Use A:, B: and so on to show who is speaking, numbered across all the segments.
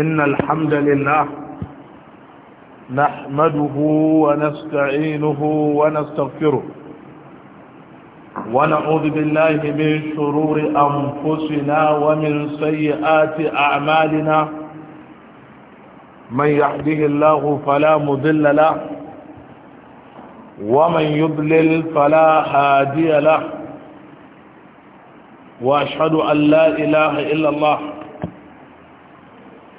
A: إن الحمد لله نحمده ونستعينه ونستغفره ونعوذ بالله من شرور أنفسنا ومن سيئات أعمالنا من يحده الله فلا مذل له ومن يضلل فلا هادي له وأشهد أن لا إله إلا الله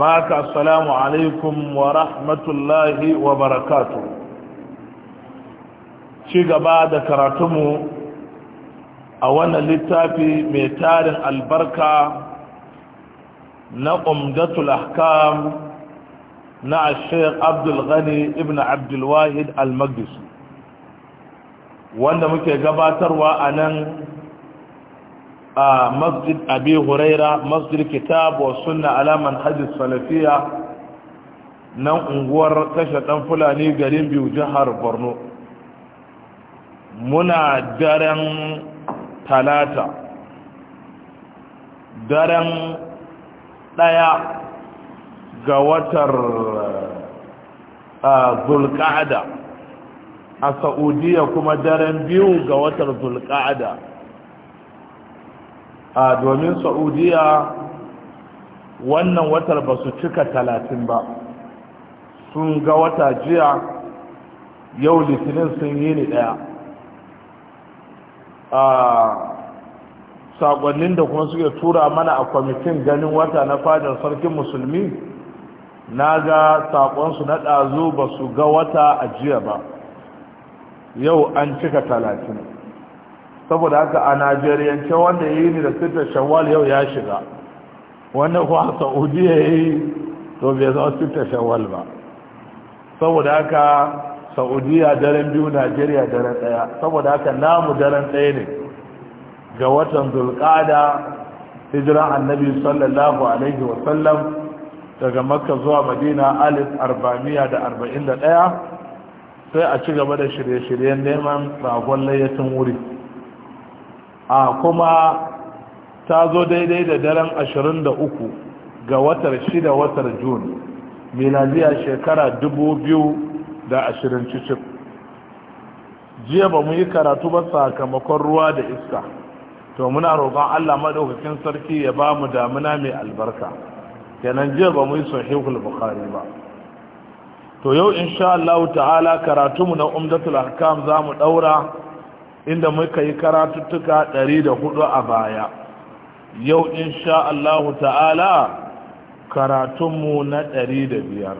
A: baka assalamu alaikum wa rahmatullahi wa barakatu ci gaba da karatunmu a wannan littafi mai tarin albarka na umdatul ahkam na ashek abdulghani ibn abdulwahid al-magdisi wanda muke gabatarwa a nan a masjid abi huraira masjid kitab wa sunna alaman hajji salafiya nan unguwar tashar dan fulani garin biyu jihar borno muna daren talata daren daya ga watar zulka'ada a sa'udiyya kuma daren biyu ga watar zulka'ada a domin saudiya wannan watar ba su cika talatin ba sun ga wata jiya yau litinin sun yi ni daya a sakonnin da kuma suke tura mana a kwamitin ganin wata na fadar sarkin musulmi na ga sakonsu na ɗazu ba su ga wata a jiya ba yau an cika talatin saboda haka a najeriyance wanda ya yi ni da sitar shawwal yau ya shiga wanda kuwa saudiya ya yi to bai zama sitar shawwal ba saboda haka saudiya daren biyu najeriya daren daya saboda haka namu daren daya ne ga watan zulkada hijiran annabi sallallahu alaihi wasallam daga makka zuwa madina alif ɗaya, sai a ci gaba da shirye-shiryen neman ragon layyacin wuri a kuma ta zo daidai da daren 23 ga watar 6 watar juni miladiya shekara 2020 jiya ba mu yi karatu ba sakamakon ruwa da iska to muna roƙon allah maɗaukakin sarki ya ba mu damuna mai albarka kenan jiya ba mu yi sahihul bukhari ba to yau insha Allah ta'ala karatu mu na umdatul ahkam mu ɗaura. inda muka yi karatuttuka hudu a baya yau insha Allah ta'ala karatunmu na ɗari da biyar.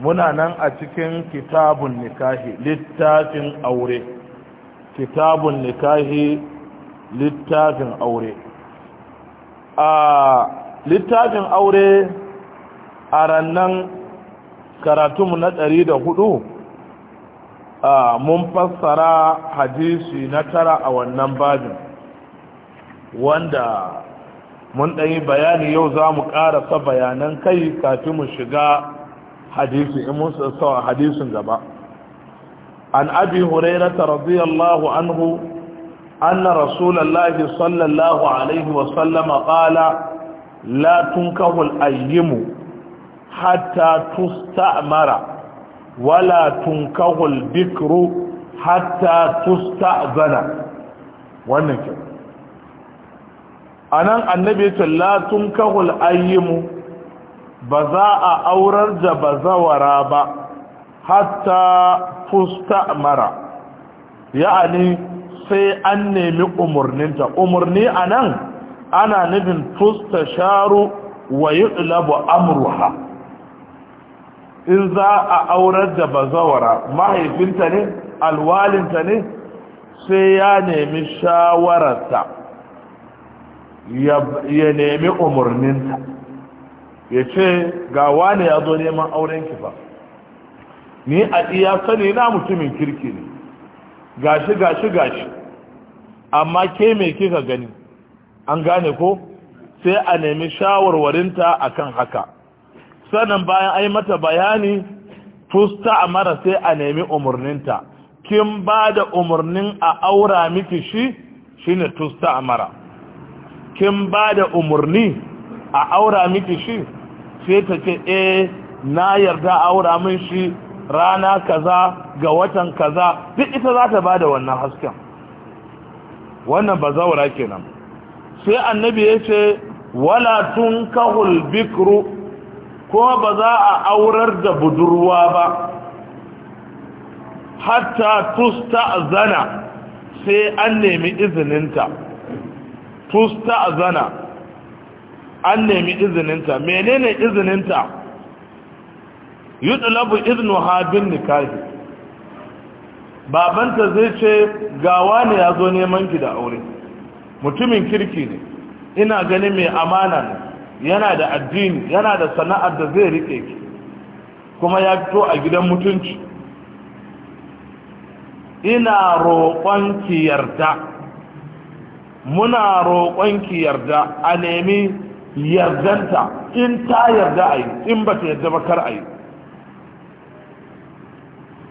A: muna nan a cikin kitabun nikahi littafin aure kitabun nikahi littafin aure a littafin aure a rannan karatunmu na ɗari da hudu? mun fassara hadisi na tara a wannan babin wanda mun ɗanyi bayani yau za mu ƙarasa bayanan kai kafin mu shiga hadisi in mun sassawa hadisin gaba an abi hurairata radiyallahu anhu anna rasulallahi sallallahu alaihi wasallama ƙala la tunkahul ayyimu hatta mara. wala tunkahul bikru hatta tusta'zana wannan ke anan annabi ya ce la tunkahul ayyimu ba za a aurar da bazawara ba hatta fusta'mara ya'ani sai an nemi umarninta umarni anan ana nufin sharu wa yu'labu amruha in za a aurar da bazawara mahaifinta ne alwalinta ne sai ya nemi shawararta ya nemi umarninta ya ce ga wane ya zo neman auren kifa ni a iya sani na mutumin kirki ne gashi gashi gashi amma ke mai kika gani an gane ko sai a nemi shawarwarinta akan haka sannan bayan ai mata bayani fusta amara sai a nemi umarninta kin ba da umarnin a aura miki shi shine tusta amara kin ba da umarni a aura miki shi sai ta ce eh na yarda aura min shi rana kaza ga watan kaza duk ita za ta ba da wannan hasken wannan ba zaura kenan sai annabi ya ce wala tun kahul bikru ko ba za a aurar da budurwa ba hatta tusta zana sai an nemi izininta tusta zana an nemi izininta menene izininta yudlabu iznu habin nikahi babanta zai ce gawa ne ya zo neman ki da aure mutumin kirki ne ina gani mai amana ne yana da addini yana da sana'ar da zai riƙe ki kuma ya fito a gidan mutunci ina roƙon ki yarda muna roƙon ki yarda a nemi yardanta in ta yarda a yi in ba ta yarda ba kar a yi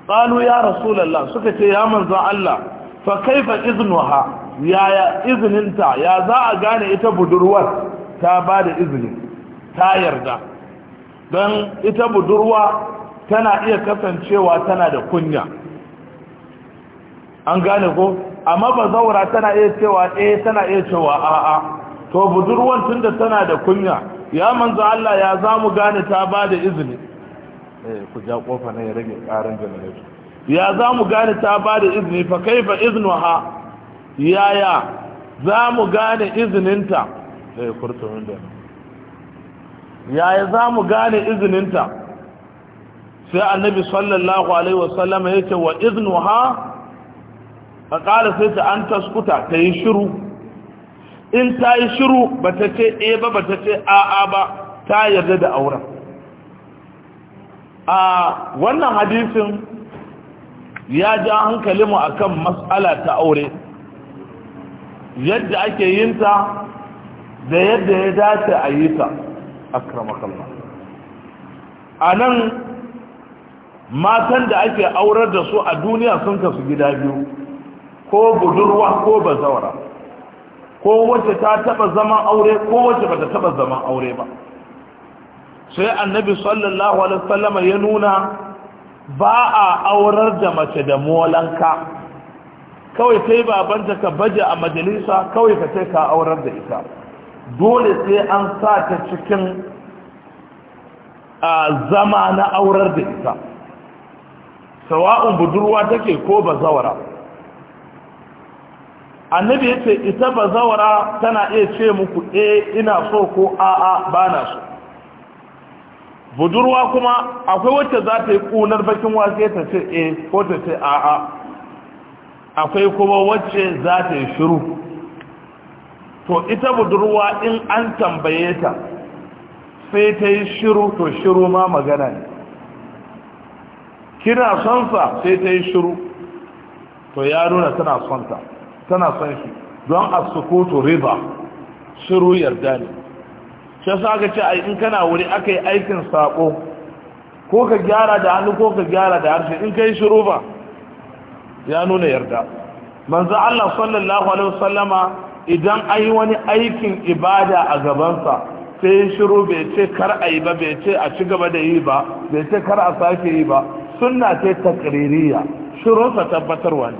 A: ƙalu ya rasulallah suka ce ya manzan Allah fa kaifa iznuha yaya izininta ya za a gane ita budurwar ta ba da izini ta yarda don ita budurwa tana iya kasancewa tana da kunya an gane ko amma ba zaura tana iya cewa eh tana iya cewa a'a to budurwan tunda tana da kunya ya manzo Allah ya zamu gane ta ba da izini eh ku ja kofa na ya rage karin generator ya zamu gane ta ba da izini fa kaifa iznuha yaya zamu gane izininta zai kurtumin da yaya za mu gane izininta sai annabi sallallahu alaihi wasallam ya ce wa ha a ƙara sai ta an taskuta ta yi shiru in ta yi shiru ba ta ce e ba ba ta ce a'a ba ta yarda da auren a wannan hadisin ya ja hankalinmu akan mas'ala ta aure yadda ake yinta da yadda ya dace a yi ta akramakallah a nan matan da ake aurar da su a duniya sun kasu gida biyu ko budurwa ko bazawara ko wace ta taba zaman aure ko wace ba ta taba zaman aure ba sai annabi sallallahu alaihi sallama ya nuna ba a aurar da mace da molanka kawai sai babanta ka baje a majalisa kawai ka sai ka aurar da ita dole sai an sa ta cikin zama na aurar da ita sawa'un budurwa take ko bazawara annabi yace ita bazawara tana iya ce muku eh ina so ko a'a bana so budurwa kuma akwai wacce za ta yi kunar bakin wake ta ce eh ko ta ce a'a akwai kuma wacce za ta yi shiru to ita budurwa in an tambaye ta sai ta yi shiru to shiru ma magana ne kina son sa sai ta yi shiru to ya nuna tana son ta tana son shi don a sukutu riba shiru yarda ne shi sa aka ce in kana wuri aka yi aikin sako ko ka gyara da hannu ko ka gyara da harshe in ka yi shiru ba ya nuna yarda manzo Allah sallallahu alaihi wasallama idan an yi wani aikin ibada a gabansa sai ya shiru bai ce kar a yi ba bai ce a ci gaba da yi ba bai ce kar a sake yi ba sunna ce takririya shirunsa tabbatarwa ne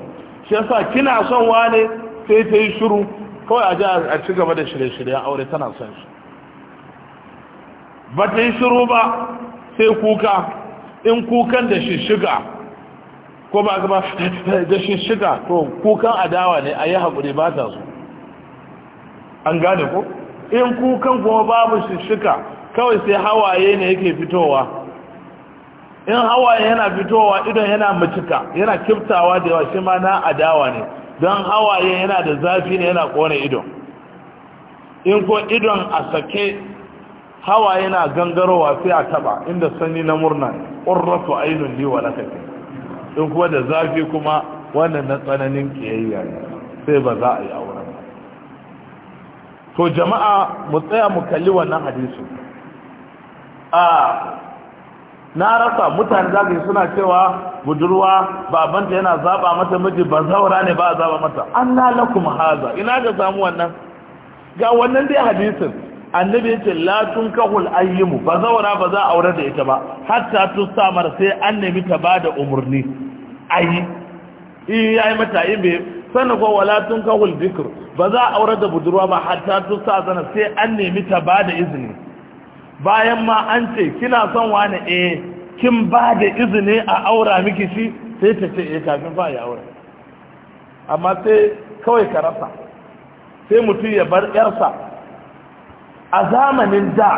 A: shi yasa kina son wane sai ta yi shiru kawai a ji a ci gaba da shirye-shiryen aure tana son shi ba ta yi shiru ba sai kuka in kukan da shi shiga ko ba ba da shi shiga to kukan adawa ne a yi haƙuri ba ta so an gane ko in kukan kuma babu shishika kawai sai hawaye ne yake fitowa in hawaye yana fitowa idon yana macika yana kiftawa da yawa shi ma na adawa ne don hawaye yana da zafi ne yana kone idon in ko idon a sake hawaye na gangarowa sai a taba inda sanyi na murna ƙurratu ainihin liwa na kake in kuwa da zafi kuma wannan na tsananin kiyayya ne sai ba za a yi aure to jama'a mu tsaya mu kalli wannan hadisi a na rasa mutane za suna cewa budurwa babanta yana zaba mata miji ba zaura ne ba a zaba mata an lalakum haza ina ga samu wannan ga wannan dai hadisin annabi ya ce la tunkahul ayyimu ba zaura ba za a aure da ita ba hatta tusamar sai an nemi ta bada umurni ayi in yayi mata in bai sana ko wala tun kahul ba za a aure da budurwa ba hatta tun sa sana sai an nemi ta ba da izini bayan ma an ce kina son wani eh kin ba da izini a aura miki shi sai ta ce eh kafin ba ya aure amma sai kawai ka rasa sai mutum ya bar yarsa a zamanin da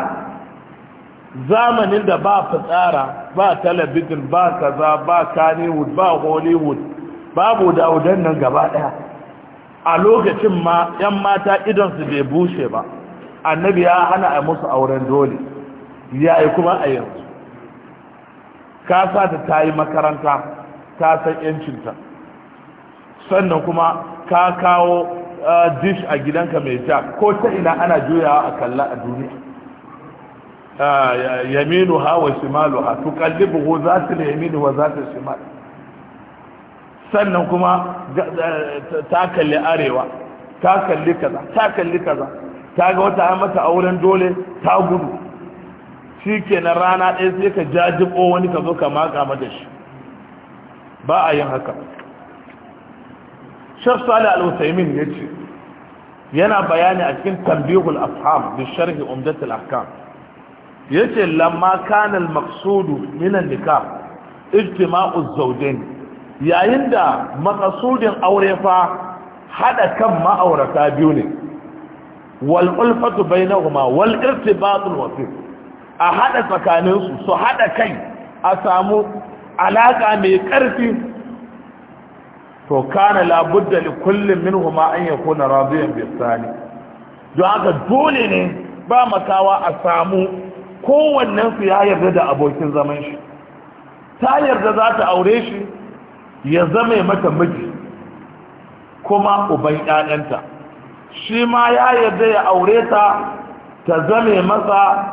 A: zamanin da ba fitsara ba talabijin ba kaza ba kannywood ba hollywood babu daudan nan gaba daya a lokacin ma yan mata idonsu bai bushe ba annabi ya hana a musu auren dole ya yi kuma a yanzu ka sa ta ta yi makaranta ta san ta, sannan kuma ka kawo dish a gidanka mai ja ko ta ina ana juyawa a kalla a duniya yaminu hawa shimalu ha tukallibu za ta yaminu wa za shimalu sannan kuma ta kalli arewa ta kalli kaza ta kalli kaza ta ga wata an mata auren dole ta gudu shi kenan rana ɗaya sai ka jajibo wani ka zo ka maka mata shi ba a yin haka shaf salih al-usaimin ya ce yana bayani a cikin tambihul afham bi sharhi al ahkam yace lamma kana al-maqsudu min an-nikah ijtima'u az-zawjayn yayin da makasudin aure fa hada kan ma'aurata biyu ne wal ulfatu bainahuma wal irtibatul wasu, a hada tsakaninsu su haɗa hada kai a samu alaka mai karfi to kana labudda li kullin minhuma an yakuna radiyan bisani don haka dole ne ba makawa a samu kowannen su ya yarda da abokin zaman shi ta yarda za ta aure shi ya zama mata miji kuma uban ƴaƴanta shi ma ya yarda ya aure ta ta zame masa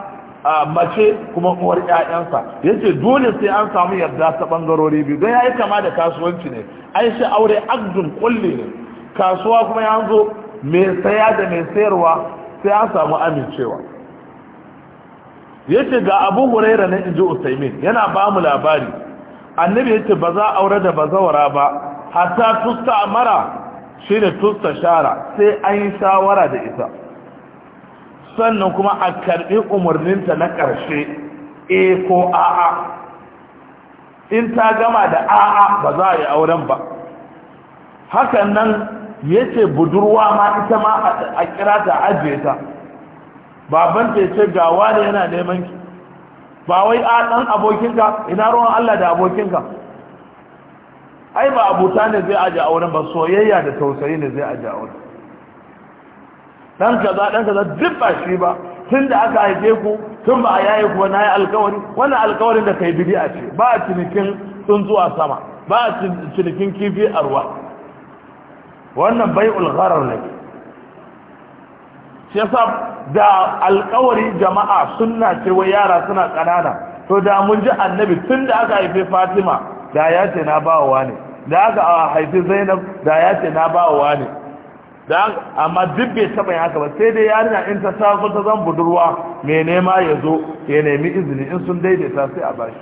A: a mace kuma uwar ƴaƴansa yace dole sai an samu yarda ta bangarori biyu don yayi kama da kasuwanci ne ai shi aure agdun kulli ne kasuwa kuma ya zo mai saya da mai sayarwa sai an samu amincewa yace ga Abu Hurairah na inji Usaimin yana ba mu labari annabi yace ba za aure da bazawara ba hatta tusta amara shi da tusta shara sai an yi shawara da ita sannan kuma a karbi umarninta na karshe e ko a'a in ta gama da a'a ba za a yi auren ba hakan nan yace budurwa ma ita ma a kira ta ajiye ta babanta yace ce gawa yana neman ki ba wai a ah, ɗan abokinka ina ruwan Allah da abokinka ai ba abuta ne zai aje wurin ba soyayya da tausayi ne zai aje auren dan kaza kaza duk ba shi ba tun da aka haife ku tun ba a yaye ku na yi alkawari wannan alkawarin da kai a ce ba a cinikin tsuntsuwa sama ba a cinikin kifi a ruwa wannan bai ulgharar ne ya sa da alkawari jama'a sunna ce yara suna ƙanana to da mun ji annabi tun da aka haife fatima da ya ce na bawa ne da aka haifi zainab da ya ce na bawa ne amma duk bai taɓa yin haka ba sai dai yarinya in ta taso ta zan budurwa mai nema ya zo ya nemi izini in sun daidaita sai a bashi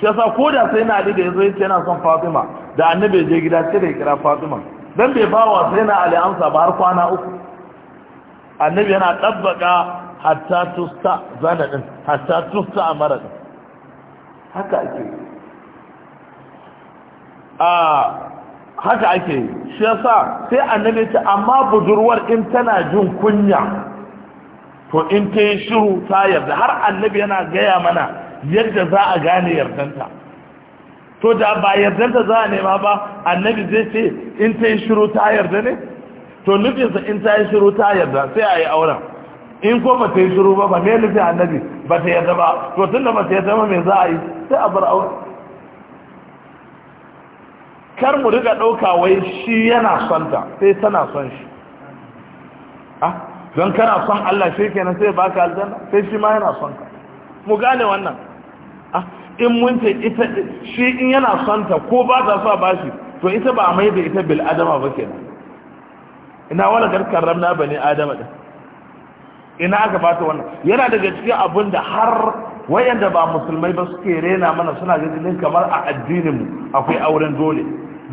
A: shi yasa ko da sai na ali da ya zo yana son fatima da annabi je gida sai da ya kira fatima dan bai bawa sai na ali amsa ba har kwana uku annabi yana tabbaka hatta tusta zana din hatta tusta amara din haka ake a haka ake shi yasa sai annabi ce amma budurwar in tana jin kunya to in ta yi shiru ta yarda har annabi yana gaya mana yadda za a gane yardanta to da ba yardanta za a nema ba annabi zai ce in ta yi shiru ta yarda ne to nufinsa in ta yi shiru ta yarda sai a yi auren in ko ba ta yi shiru ba ba me nufin annabi ba ta yarda ba to tun da ba ta yarda ba me za a yi sai a bar auren kar mu riga ɗauka wai shi yana son ta sai tana son shi ah don kana son Allah shi kenan sai baka aljanna sai shi ma yana son ka mu gane wannan ah in mun ce ita shi in yana son ta ko ba ta so ba shi to ita ba mai da ita bil adama ba kenan ina wala garkar ramna bani adama din ina aka bata wannan yana daga cikin abun da har wayanda ba musulmai ba suke rena mana suna din kamar a addinin mu akwai auren dole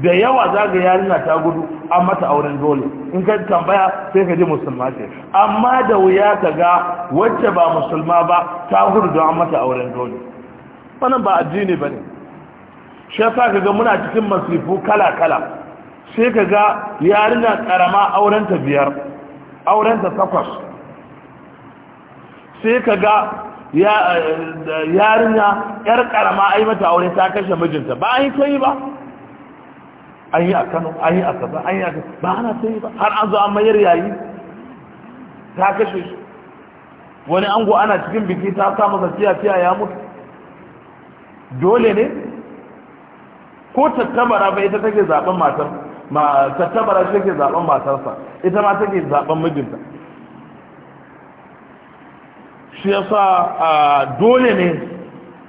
A: da yawa za ga yarinya ta gudu an mata auren dole in ka tambaya sai ka ji musulma ce amma da wuya ka ga wacce ba musulma ba ta gudu don an mata auren dole wannan ba addini ba ne shi yasa ka ga muna cikin masifu kala kala sai ka ga yarinya karama aurenta biyar aurenta takwas sai ka ga eh, yarinya yar karama ai mata aure ta kashe mijinta ba an yi ta yi ba an yi a kano an yi a kaza an yi a Kano ba ana ta yi ba har an zo an mayar yayi ta kashe shi wani ango ana cikin biki ta samu masa fiya ya mutu dole ne ko tattabara bai ita take zaben matar ma tattabara shi ke zaben matarsa ita ma take zaben mijinta shi yasa dole ne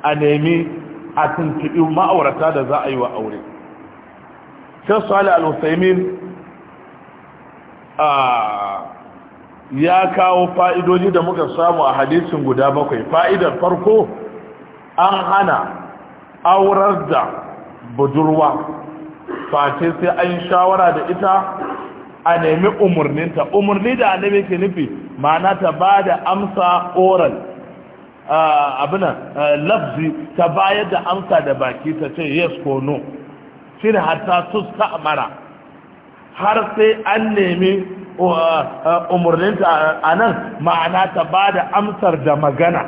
A: a nemi a tuntubi ma'aurata da za a yi wa aure shi al-husaymin ya kawo fa'idoji da muka samu a hadisin guda bakwai fa'idar farko an hana aurar da budurwa face sai an yi shawara da ita a nemi umarninta umarni da annabi ke nufi ma'ana ta ba da amsa oral abinan lafzi ta bayar da amsa da baki ta ce yes ko no shi da hatta su mara har sai an nemi umarninta a nan ma'ana ta ba da amsar da magana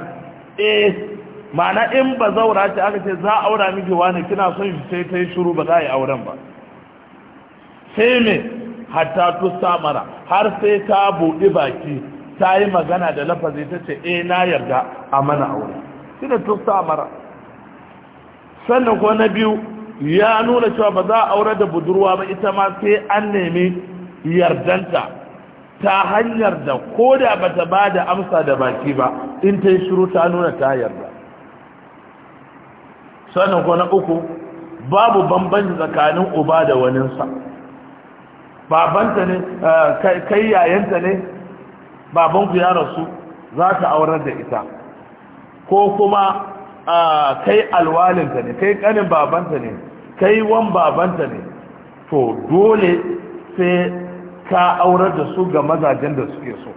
A: eh ma'ana in ba zaura ce aka ce za aura miki wani kina son shi sai ta yi shuru ba za a yi auren ba sai me hatta ta samara har sai ta buɗi baki ta yi magana da lafazi ta ce eh na yarda a mana aure shi da ta samara sannan ko na biyu ya nuna cewa ba za a aure da budurwa ba ita ma sai an nemi yardanta ta hanyar da ko da bata ba da amsa da baki ba in ta yi shiru ta nuna ta yarda sannan ko na uku babu bambanci tsakanin uba da waninsa babanta ne eh, kai yayanta ne babanku ya rasu za ka aurar da ita ko kuma eh, kai alwalinta ne kai kanin babanta ne kai wan babanta ne to dole sai ka aurar da su ga mazajen da suke so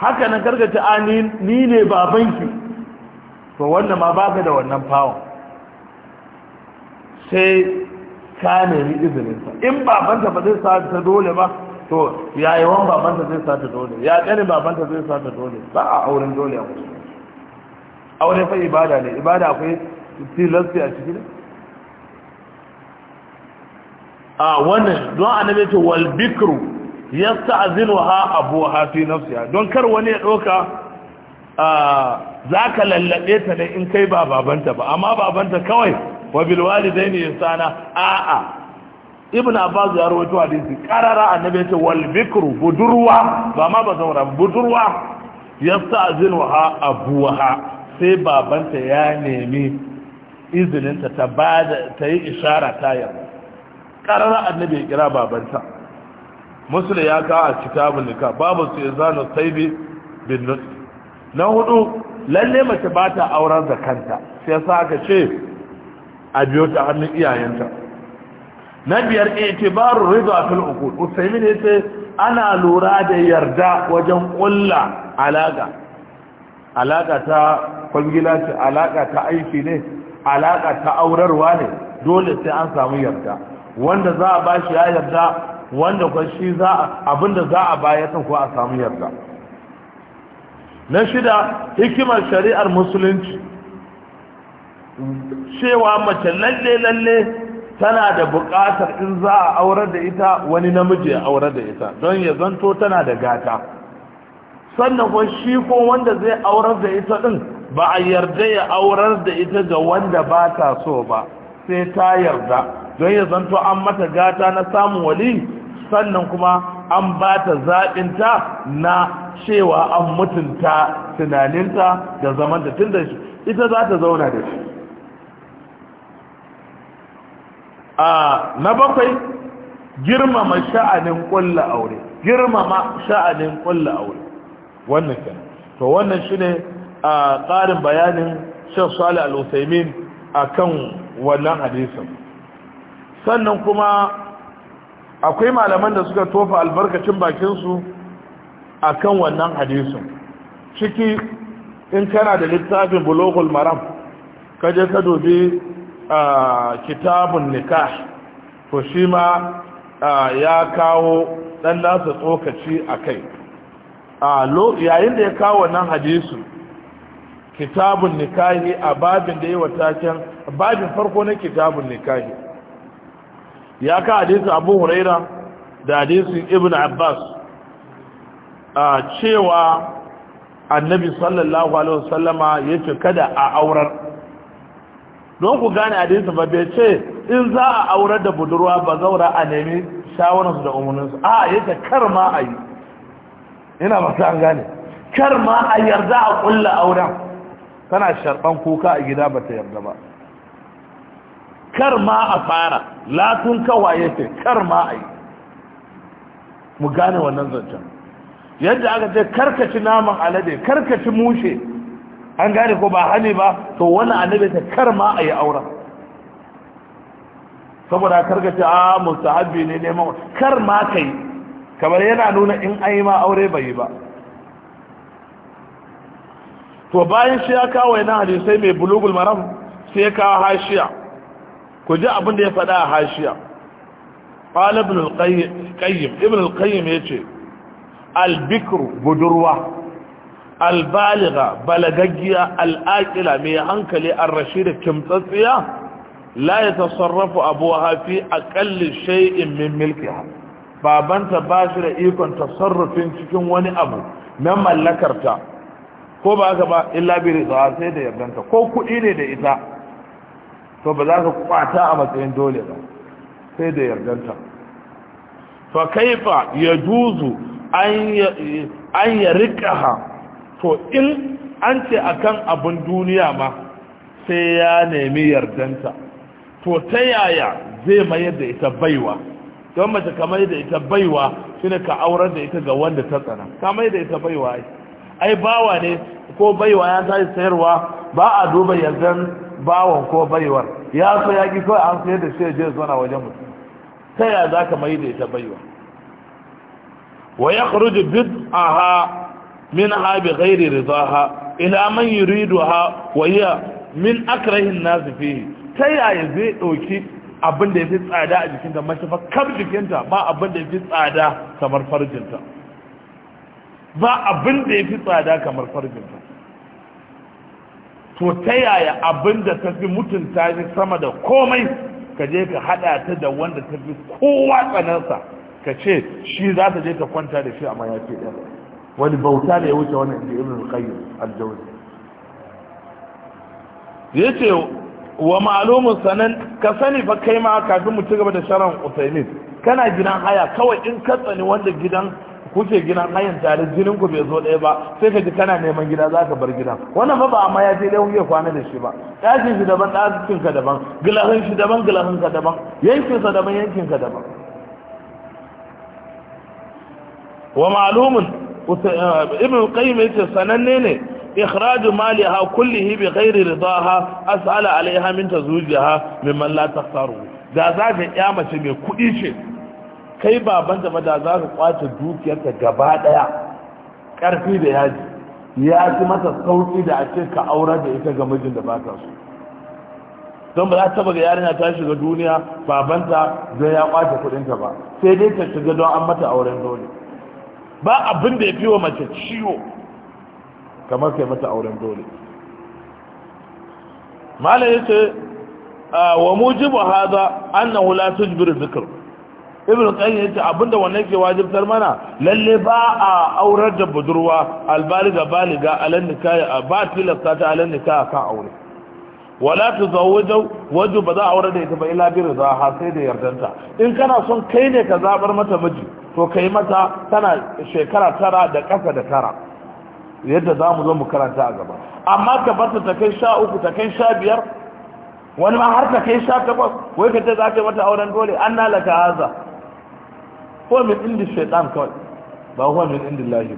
A: haka na karkata a ni ne babanki to wannan ma ba ka da wannan fawon sai ka nemi izininsa in babanta ba zai sa ta dole ba to yayawan babanta zai sa ta dole ya ƙani babanta zai sa ta dole ba a auren dole a wasu aure fa ibada ne ibada akwai tilasti a cikin a wannan don annabi ce wal bikru yasta'zinuha abuha fi nafsiha don kar wani ya doka a za ka lallaɓe ta ne in kai ba babanta ba amma babanta kawai wa bilwali zai ne sana a'a ibn abbas ya rawaito hadisi karara annabi ce wal bikru budurwa ba ma ba zaura budurwa yasta'zinuha abuha sai babanta ya nemi izininta ta bada ta yi ishara ta karara annabi ya kira babanta musulun ya kawo a kitabun nika babu su izanu saibi bin na hudu lalle mace ba ta auren da kanta sai sa aka ce a biyo ta hannun iyayenta na biyar itibaru a fil usaimi ne sai ana lura da yarda wajen ƙulla alaƙa. Alaƙa ta kwangila ce alaƙa ta aiki ne alaƙa ta aurarwa ne dole sai an samu yarda wanda za a ba shi ya yarda wanda kwa shi za abinda za a san ko a samu yarda na shida hikimar shari'ar musulunci cewa mace lalle lalle tana da buƙatar in za a aurar da ita wani namiji ya aurar da ita don ya zanto tana da gata sannan kuma shi ko wanda zai aurar da ita din ba a yarda ya aurar da ita ga wanda ba ta so ba sai ta yarda don ya zanto an mata gata na samun wali sannan kuma an ba ta zaɓinta na cewa an mutunta tunaninta da zaman da tun da shi ita za ta zauna da shi na bakwai girmama sha'anin kulla aure girmama sha'anin kulla aure wannan kan to wannan shine a tsarin bayanin Sheikh Salih al a akan wannan hadisin sannan kuma akwai malaman da suka tofa albarkacin bakinsu. akan wannan hadisin ciki in kana da littafin bulogul maram kaje ka dubi kitabun nikah to shi ma ya kawo dan nasa tsokaci a kai yayin da ya kawo wannan hadisu kitabun nikahi a babin da yi wa babin farko na kitabun nikahi ya ka hadisu abu huraira da hadisun ibn abbas cewa annabi sallallahu alaihi wasallama yake kada a aurar don ku gane hadisi ba bai ce in za a aurar da budurwa ba zaura a nemi su da umarninsu a yace kar ma a yi ina ba an gane kar ma a yarda a kulla auren tana sharban kuka a gida ba ta yarda ba kar ma a fara latun kawaye ce kar ma a yi mu gane wannan zancen yadda aka ce karkaci naman alade karkaci mushe an gane ko ba hane ba to wani annabi ta kar ma a yi aura saboda karkaci a ah, mustahabbi ne neman kar ma ka yi kamar yana nuna in an yi ma aure bai yi ba to bayan shi ya kawo yana hadisai mai bulugul maram sai ya kawo hashiya ku ji abin da ya faɗa a hashiya قال ابن القيم ابن ya ce. albikru budurwa albaliga balagaggiya al'aƙila mai hankali a rashida kimtsatsiya la ya abu abuwa hafi aƙalli shai'in min milkiha babanta ba shi da ikon tasarrufin cikin wani abu na mallakarta ko ba ka ba illa bi rizwa sai da yardanta ko kuɗi ne da ita to ba za ka kwata a matsayin dole ba sai da yardanta fa kaifa yajuzu an ya ha to in an ce akan abin duniya ma sai ya nemi yardanta to ta yaya zai mayar da ita baiwa don mace ka mayar da ita baiwa shi ka aurar da ita ga wanda ta tsana ka mayar da ita baiwa ai ai bawa ne ko baiwa ya tashi sayarwa ba a duba yardan bawan ko baiwar ya so ya ki kawai an sayar da shi ya je zuwa wajen mutum ta yaya za ka mai da ita baiwa ويخرج yakhruju منها بغير رضاها ridaha من يريدها وهي من hiya min akrahin تيا يزي ta yaya zai abin da yafi tsada a jikinta mace fa kar jikinta ba abin da yafi tsada kamar farjinta ba abin da yafi tsada kamar farjinta to ta yaya abin da tafi mutunta shi sama da komai ka je ka hada ta da wanda tafi kowa tsanansa ka ce shi za ta je ta kwanta da shi a mayafi ɗaya wani bauta da ya wuce wani inda ibn qayyim al-jawzi yace wa ma'lumun sanan ka sani fa kai ma kafin mu ci gaba da sharan usaimin kana gidan haya kawai in ka tsani wanda gidan kuke gidan hayan tare jinin ku bai zo ɗaya ba sai ka ji kana neman gida za ka bar gidan wannan fa ba amma ya je ɗaya kwana da shi ba ɗakin shi daban ɗakin ka daban gilahin shi daban gilahin ka daban yankin sa daban yankin ka daban wa ma'lumun eh, ibn qayyim yace sananne ne ikhraju maliha kullihi bi ghairi ridaha as'ala alaiha min tazujiha mimman la takhtaru da za ta iya mace mai kudi ce kai baban da da za ka kwace dukiyarta gaba daya karfi da yaji ya ci mata sauki da ake ka aura da ita ga mijin da ba so don ba za ta ga yarinya ta shiga duniya babanta don ya kwace kudinta ba sai dai ta shiga don an mata auren dole ba abin da ya fi wa mace ciwo kamar kai mata auren dole malam ya ce wa mujibu haza annahu la tujbiru zikr ibn ce abin abinda wannan ke wajibtar mana lalle ba a aurar da budurwa albaliga baliga alan ba tilasta ta alan a kan aure wala waje wajen ba za a aurar da ita ba illa za a sai da yardanta in kana son kai ne ka zaɓar mata miji to ka yi mata tana shekara tara da ƙasa da tara yadda za mu zo mu karanta a gaba amma ka bata ta kai sha uku ta kai sha biyar wani ma har ta kai sha takwas wai ka ce za ka yi mata auren dole an nalaka haza ko min indi shaitan kawai ba ko min indi lahi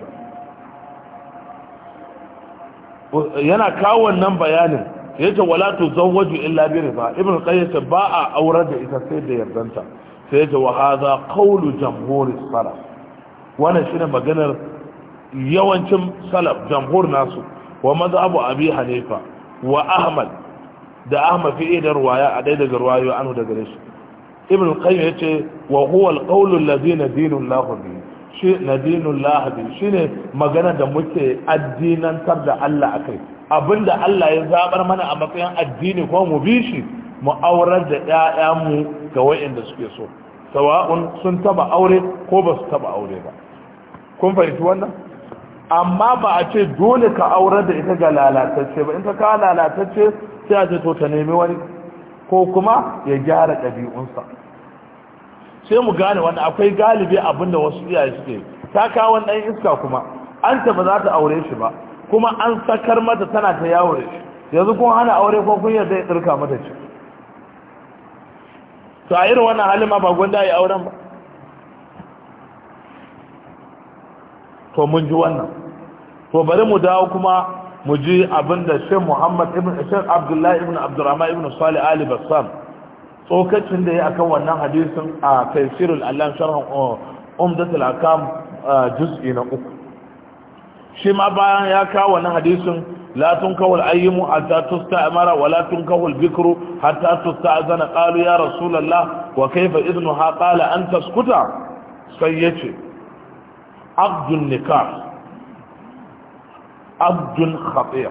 A: ba yana kawo wannan bayanin yace wala zawwaju illa bi rida ibn qayyim ba a aurar da ita sai da yardanta sai ta wahaza hadha jamhuri salaf wannan shine maganar yawancin salaf jamhur nasu wa madhhabu abi hanifa wa ahmad da ahmad fi idar ruwaya a dai daga ruwayo anhu daga shi ibn qayyim yace wa huwa al alladhi nadinu lahu bihi shi nadinu lahabi shine magana da muke addinantar da Allah akai abinda Allah ya zabar mana a matsayin addini ko mu bi shi mu aurar da ƴaƴanmu ga wayanda suke so sawa'un sun taba aure ko ba su taba aure ba kun fahimci wannan amma ba a ce dole ka aurar da ita ga lalatacce ba in ta kawo lalatacce sai a ce to ta nemi wani ko kuma ya gyara ɗabi'unsa sai mu gane wani akwai galibi abinda wasu iyaye suke ta kawo wani ɗan iska kuma an ta ba za ta aure shi ba kuma an sakar mata tana ta yawo shi yanzu kun hana aure ko kun yarda ya tsirka mata ce to a irin wannan halin ma ba gwanda ya auren ba to mun ji wannan to bari mu dawo kuma mu ji abin da Sheikh Muhammad ibn Sheikh Abdullah ibn Abdurrahman ibn Salih Ali Bassam tsokacin da ya akan wannan hadisin a Tafsirul allan sharhan uh, Umdatul Akam uh, juz'i na uku shi ma bayan ya kawo wannan hadisin لا تنكو الأيم حتى تستعمر ولا تنكو البكر حتى تستعزن قالوا يا رسول الله وكيف إذنها قال أن تسكت سيتي عقد النكاح عقد خطير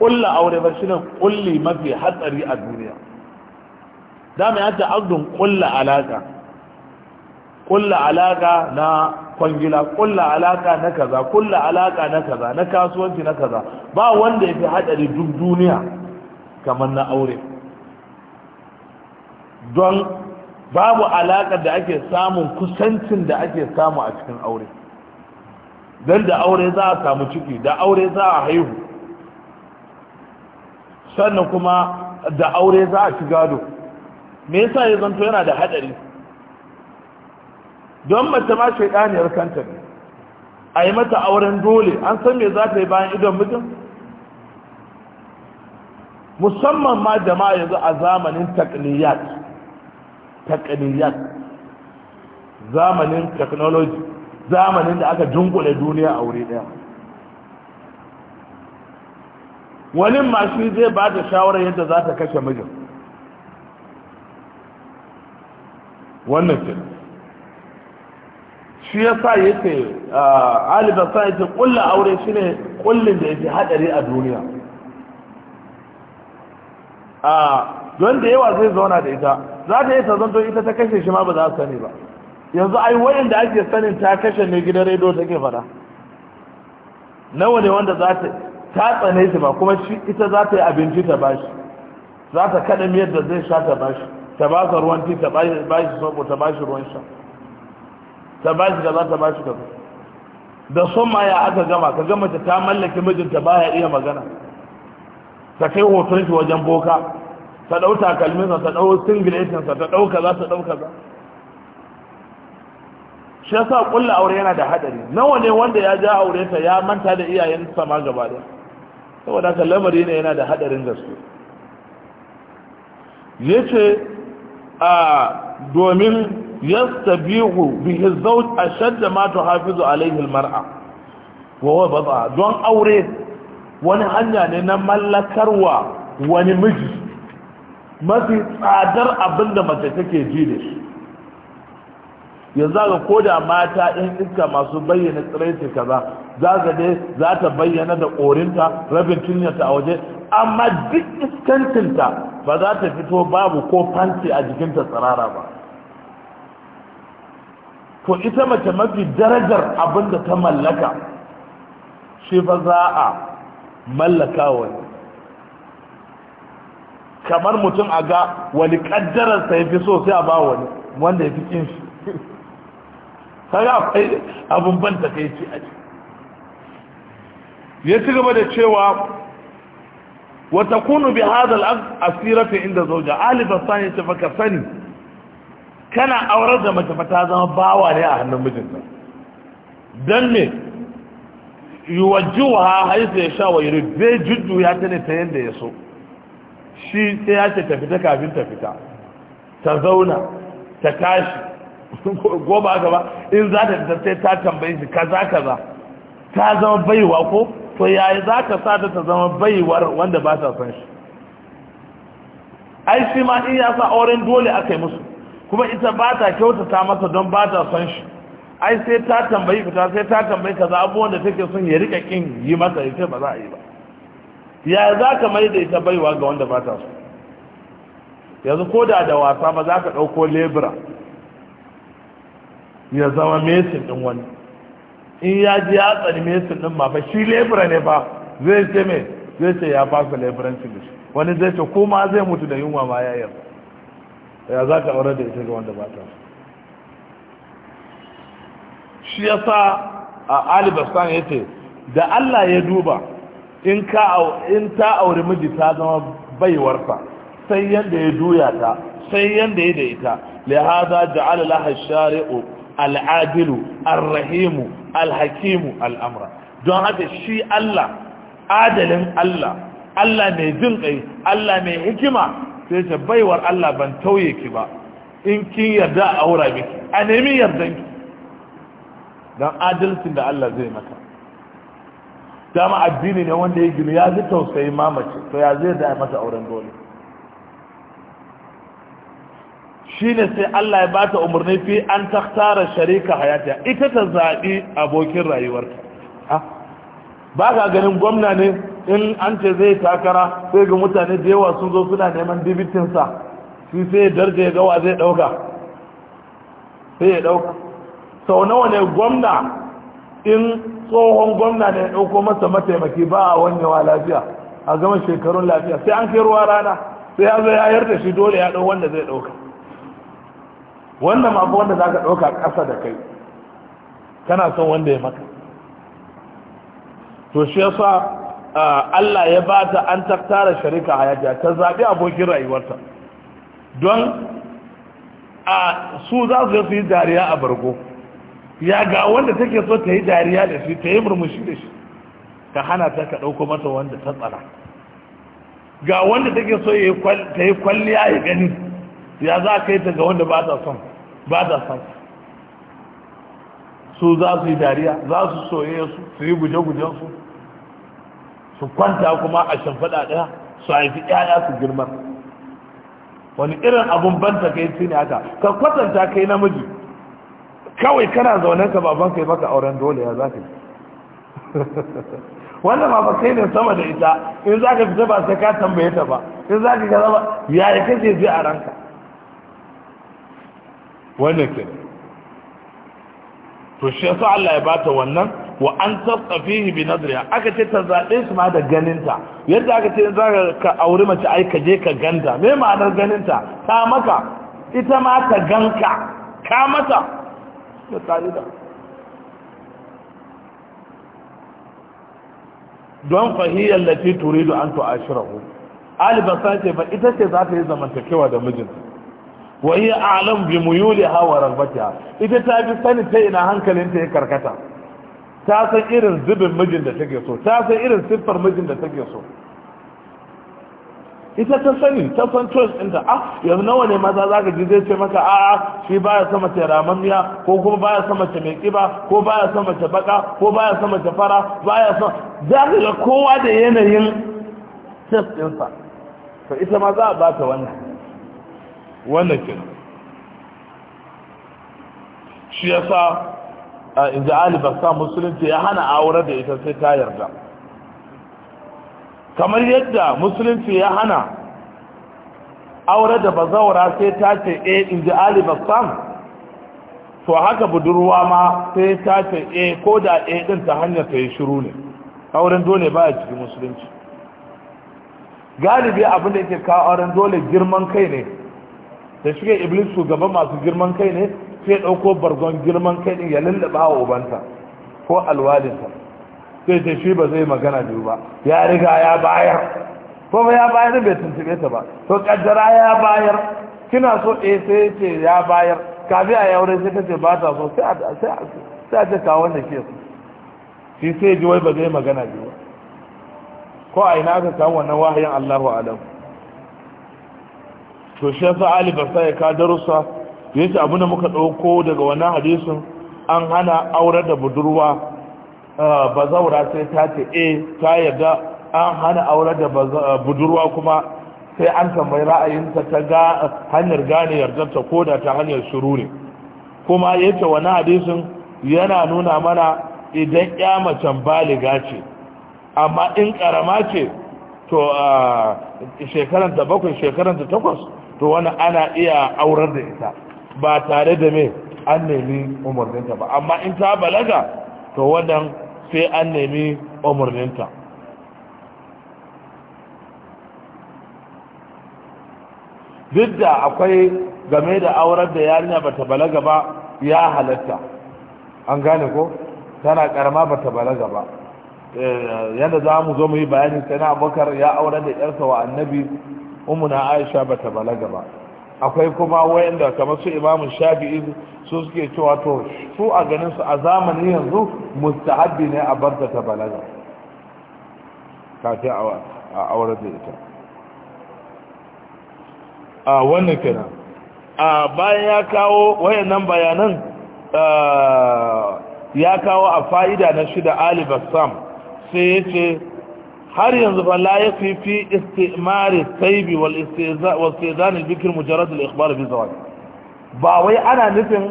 A: قل أولي بشنا قل لي ما في حتري الدنيا دامي أنت عقد قل علاقة قل علاقة لا kwangila kulla alaka na kaza kulla alaka na kaza na kasuwanci na kaza ba wanda ya fi haɗari duk duniya kamar na aure don babu alaƙar da ake samun kusancin da ake samu a cikin aure don da aure za a samu ciki da aure za a haihu sannan kuma da aure za a shiga gado me yasa ya zanto yana da haɗari don mace ma shaidaniyar kanta ne a yi mata auren dole an san me za ta yi bayan idon mutum musamman ma jama'a yanzu a zamanin takniyat takniyat zamanin technology zamanin da aka dunkule duniya a wuri daya wani mashi zai ba da shawarar yadda za ta kashe mijin wannan kenan shi ya sa ya ce ah, alibar sa ya ce ƙulla aure shi ne ƙullin da ya fi haɗari a duniya ah, don da yawa zai zauna da ita za ta yi sazanto ita ta kashe shi ma ba za su sani ba yanzu ai da ake sanin ta kashe ne gidan rediyo ke fada nawa ne wanda za ta ta tsane shi ba kuma shi ita za ta yi abinci ta bashi za ta kaɗa miyar da zai sha ta bashi ta ba ruwan ti ta bashi soko ta bashi ruwan sha ta ba shi kaza ta ba shi kaza da son ma ya aka gama ka gama ta ta mallake mijinta ba ya iya magana ta kai hoton shi wajen boka ta ɗau takalminsa ta ɗau singletinsa ta ɗau kaza ta ɗau kaza shi yasa kulla aure yana da haɗari nawa ne wanda ya ja aure ta ya manta da iyayen sama gaba da saboda ka lamari ne yana da haɗarin gaske yace a domin yastabihu bihi zawj ashadda ma tuhafizu alayhi almar'a wa huwa bad'a don aure wani hanya ne na mallakarwa wani miji mafi tsadar abinda mace take ji da shi yanzu ga koda mata in iska masu bayyana tsiraiti kaza za ga dai za ta bayyana da korinta rabin cinyarta a waje amma duk iskantinta ba za ta fito babu ko fanti a jikinta tsirara ba Ko ita mace mafi darajar abin da ta mallaka shi ba za a mallaka wani kamar mutum a ga wani kaddararsa ya fi so sai a ba wani wanda ya fi kin shi kaga akwai abin ban takaici a ciki ya ci gaba da cewa wata kunu bi hadal asirata inda zauja alifa sani ta faka sani kana aurar da mace ta zama bawa ne a hannun mijinta don me yuwajjuwa haifu ya sha wa yuri zai jujjuya ta ne ta yadda ya so shi sai ya ce tafita kafin tafita ta zauna ta tashi goma gaba in za ta fita sai ta tambayi shi kaza kaza ta zama baiwa ko to yayi za ka sa ta zama baiwar wanda ba ta san shi ai shi ma in ya sa auren dole aka yi musu kuma ita ba ta kyautata masa don ba ta son shi ai sai ta tambayi fita sai ta tambayi kaza abubuwan da take son ya rika kin yi masa ita ba za a yi ba ya za ka mai da ita baiwa ga wanda ba ta so yanzu ko da da wasa ba za ka ɗauko lebura ya zama mesin ɗin wani in ya ji ya tsani mesin ɗin ma fa shi lebura ne fa zai ce mai zai ce ya fasa leburanci da shi wani zai ce ko ma zai mutu da yunwa ma ya yarda ya za ka aure da ita ga wanda ba ta shi ya sa a alibastan ya ce da allah ya duba in ta aure miji ta zama baiwarsa sai yadda ya duya ta sai yadda ya da ita lihaza ja'ala laha shari'u al'adilu arrahimu alhakimu al'amra don haka shi allah adalin allah allah mai jin allah mai hikima sai ce baiwar Allah ban tauye ki ba in kin yarda a aura miki a nemi yardan ki dan adalcin da Allah zai maka dama addini ne wanda ya gini ya ji tausayi mamace to ya zai da mata auren dole shine sai Allah ya bata umarni fi an taktara sharika hayata ita ta zaɓi abokin rayuwarta ah, ba ka ganin gwamna ne in an ce zai takara sai ga mutane da yawa sun zo suna neman dibitinsa shi sai darje ya gawa zai ɗauka sai ya ɗauka sau nawa ne gwamna in tsohon gwamna ne ya ɗauko masa mataimaki ba a wanyewa lafiya a gama shekarun lafiya sai an kai ruwa rana sai ya zo ya da shi dole ya ɗau wanda zai ɗauka wannan ma wanda za ka ɗauka ƙasa da kai kana son wanda ya maka to shi yasa Allah ya ba ta an taktara sharika hayata ta zaɓi abokin rayuwarta don a su za su yi dariya a bargo ya ga wanda take so ta yi dariya da shi ta yi murmushi da shi ka hana ta ka ɗauko mata wanda ta tsara ga wanda take so ta yi kwalliya ya gani ya za ka yi ta ga wanda ba ta son ba ta son su za su yi dariya za su soye su su yi guje-gujen su su kwanta kuma a shimfiɗa ɗaya su haifi ƴaƴa su girma wani irin abun banta kai su ne haka ka kwatanta kai namiji kawai kana zaune ka baban kai baka auren dole ya ka yi wannan ba ba kai ne sama da ita in za ka fita ba sai ka tambaye ta ba in za ka gaza ba yaya kake ji a ranka wannan kenan to shi yasa Allah ya bata wannan wa an tasafihi bi nadriya aka ce ta zabe su ma da ganinta yadda aka ce za ka auri mace ai ka je ka ganta me ma'anar ganinta ta maka ita ma ta ganka ka mata da tsalida don fahiyya lati turidu an to ashirahu alibasan ce ba ita ce za ta yi zamantakewa da mijinta wa hiya a'lam bi muyulha wa ragbatiha ita ta bi sani ta ina ta ya karkata ta san irin zubin mijin da take so ta san irin siffar mijin da take so ita ta sani ta san choice ɗinta ah yanzu nawa ne maza za ka ji zai ce maka a'a shi baya sama mace ramamiya, ko kuma baya sama mace mai kiba, ko baya sama mace baka ko baya sama mace fara baya sama za ga kowa da yanayin test ɗinsa to ita ma za a ba ta wannan wannan ke shi ya sa a inda alibasa musulunci ya hana aure da ita sai ta yarda kamar yadda musulunci ya hana aure da bazawara sai ta ce a eh, inda alibasa to haka budurwa ma sai ta ce a eh, ko da a eh, din ta hanyar ta yi shiru ne auren dole ba a cikin musulunci galibi abin da yake kawo auren dole girman kai ne da shi iblis gaba masu girman kai ne sai ɗauko bargon girman kai ɗin ya lullaba wa ubanta ko alwalinta sai ta shi ba zai magana biyu ba ya riga ya bayar ko ba ya bayar bai tuntube ta ba to kaddara ya bayar kina so eh sai ce ya bayar kafin a yaure sai kace ba ta so sai a sai a ce kawo wanda ke so shi sai ji wai ba zai magana biyu ba ko a ina ka samu wannan wahayin Allahu a'lam to shi yasa Ali Basa ya ka darussa yace abu da muka dauko daga wannan hadisin an hana aure da budurwa ba zaura sai ta ce eh ta yarda an hana aure da budurwa kuma sai an tambayi ra'ayinta ta ga hanyar gane yardarta ko da ta hanyar shiru ne kuma yace wannan hadisin yana nuna mana idan ya macen baliga ce amma in karama ce to shekaranta bakwai shekaranta takwas to wani ana iya aurar da ita ba tare da me an nemi umarninta ba amma in ta balaga to wannan sai an nemi umarninta duk da akwai game da aurar da yarinya ba ta balaga ba ya halatta an gane ko tana karama ba ta balaga ba eh, yadda za mu zo mu yi bayani sai na abokar ya aurar da yarsa wa annabi umuna aisha bata balaga ba akwai kuma wayanda kamar su imamu shafi'i su suke cewa to su a ganin su a zamanin yanzu mustahabbi ne a barta ta balaga kafin a aure da ita a wannan kenan a bayan ya kawo wayannan bayanan ya kawo a fa'ida na shida alibassam sai yace. har yanzu ba la yafi fi istimari taibi wal istiza wal istizan al bikr mujarrad al ikhbar bi zawaj ba wai ana nufin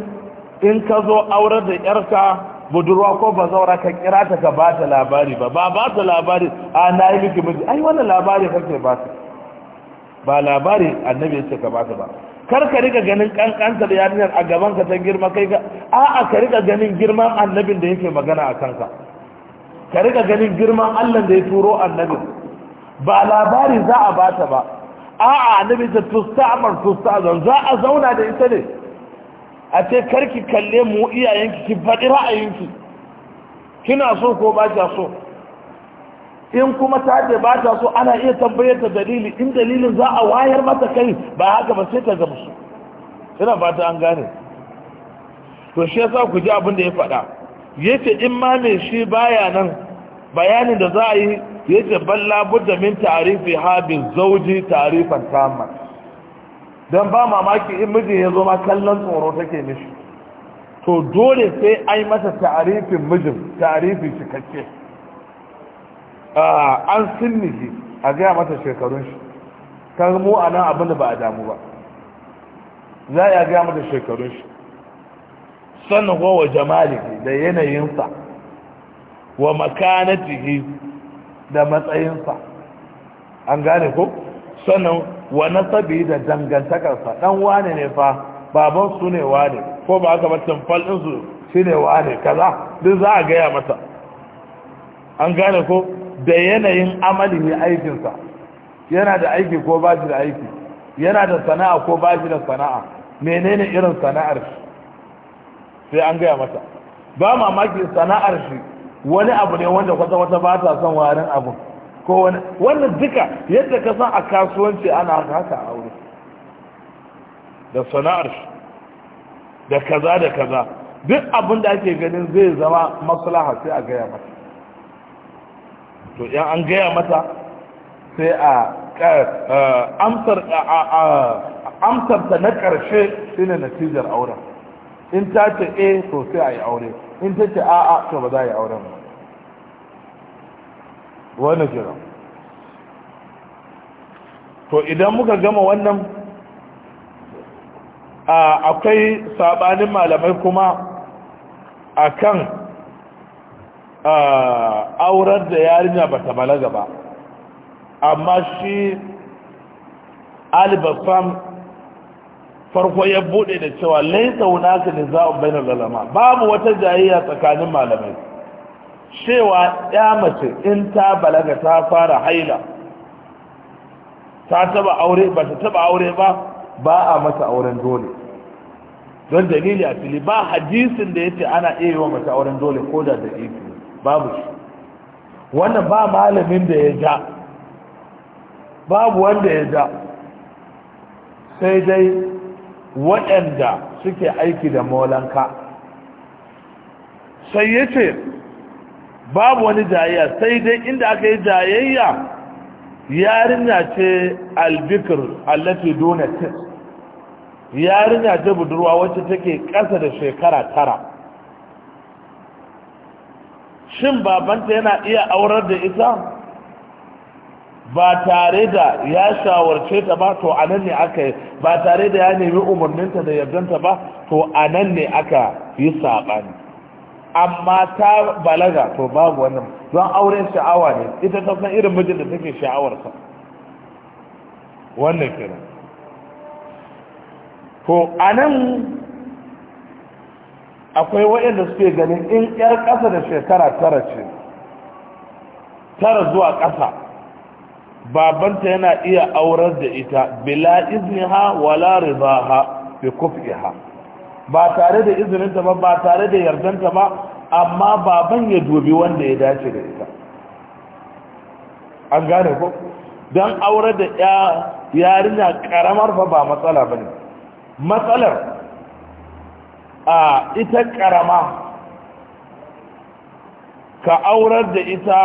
A: in ka zo aurar da yarka budurwa ko ba zaura ka kira ta ka bata labari ba ba bata labari a na yi miki miji ai wannan labari kake bata ba labari annabi ya ce ka bata ba kar ka riga ganin kankanta da yarinyar a gaban ka ta girma kai ga a'a ka riga ganin girman annabin da yake magana a kanka ka rika ganin girman Allah da ya turo annabi ba labari za a bata ba a'a annabi ta tusta'mar tusta'zar za a zauna da ita ne a ce karki kalle mu iyayenki ki faɗi ra'ayinki kina so ko ba ta so in kuma ta ce ba ta so ana iya tambayar ta dalili in dalilin za a wayar mata kai ba haka ba sai ta gamsu ina ta an gane to shi yasa ku ji abin da ya faɗa yace in ma mai shi baya nan bayanin da za a yi yace balla budda min ta'rifi habil zawji ta'rifan tamma dan ba mamaki in mijin ya zo ma kallon tsoro take mishi to dole sai ai masa ta'rifin mijin ta'rifi cikakke an sinnihi a gaya mata shekarun shi kan mu anan abin da ba a damu ba za a gaya mata shekarun shi sanwa wa jamalihi da yanayinsa wa makanatihi da matsayinsa an gane ko sannan wa nasabi da dangantakarsa dan wane ne fa baban su ne wane ko ba aka batun falɗin su shine ne wane kaza duk za a gaya mata an gane ko da yanayin amalihi aikinsa yana da aiki ko ba shi da aiki yana da sana'a ko ba shi da sana'a menene irin sana'ar shi sai an gaya mata ba mamaki sana'ar shi wani abu ne wanda kwata-kwata ba ta son warin abu ko wani wannan duka yadda ka san a kasuwanci ana haka a aure da sana'ar shi da kaza da kaza duk abin da ake ganin zai zama maslaha sai a gaya mata to yan an gaya mata sai a amsar ta na ƙarshe shine natijar auren in ta ce a eh, to sai a yi aure in ta ce a'a to ba za a yi auren ba wani jira to idan muka gama wannan akwai sabanin malamai kuma akan aurar da yarinya ba ta balaga ba amma shi alibasam farko ya bude da cewa laisa hunaka niza'un bainal ulama babu wata jayayya tsakanin malamai cewa ya mace in ta balaga ta fara haila ta taba aure ba ta taba aure ba ba a mata auren dole don dalili a fili ba hadisin da yace ana iya yi wa mata auren dole ko da da ifi babu shi wannan ba malamin da ya ja babu wanda ya ja sai dai waɗanda suke aiki da molanka sai ya ce babu wani jayayya sai dai inda aka yi jayayya yarinya ce albikir allafi donatis yarinya ce budurwa wacce take ƙasa da shekara tara shin babanta yana iya aurar da ita ba tare da ya shawarce ta ba to a nan ne aka yi ba tare da ya nemi umarninta da yardanta ba to a nan ne aka yi saɓani amma ta balaga to babu wannan don auren sha'awa ne ita ta san irin mijin da take sha'awarsa wannan kenan to a nan akwai waɗanda suke ganin in ƴar ƙasa da shekara tara ce tara zuwa ƙasa babanta yana iya aurar da ita bila izniha wala ridaha bi kuf'iha ba tare da izininta ba ba tare da yardanta ba amma baban ya dubi wanda ya dace da ita an gane ko don aurar da yarinya karamar fa ba matsala bane matsalar a ita karama ka aurar da ita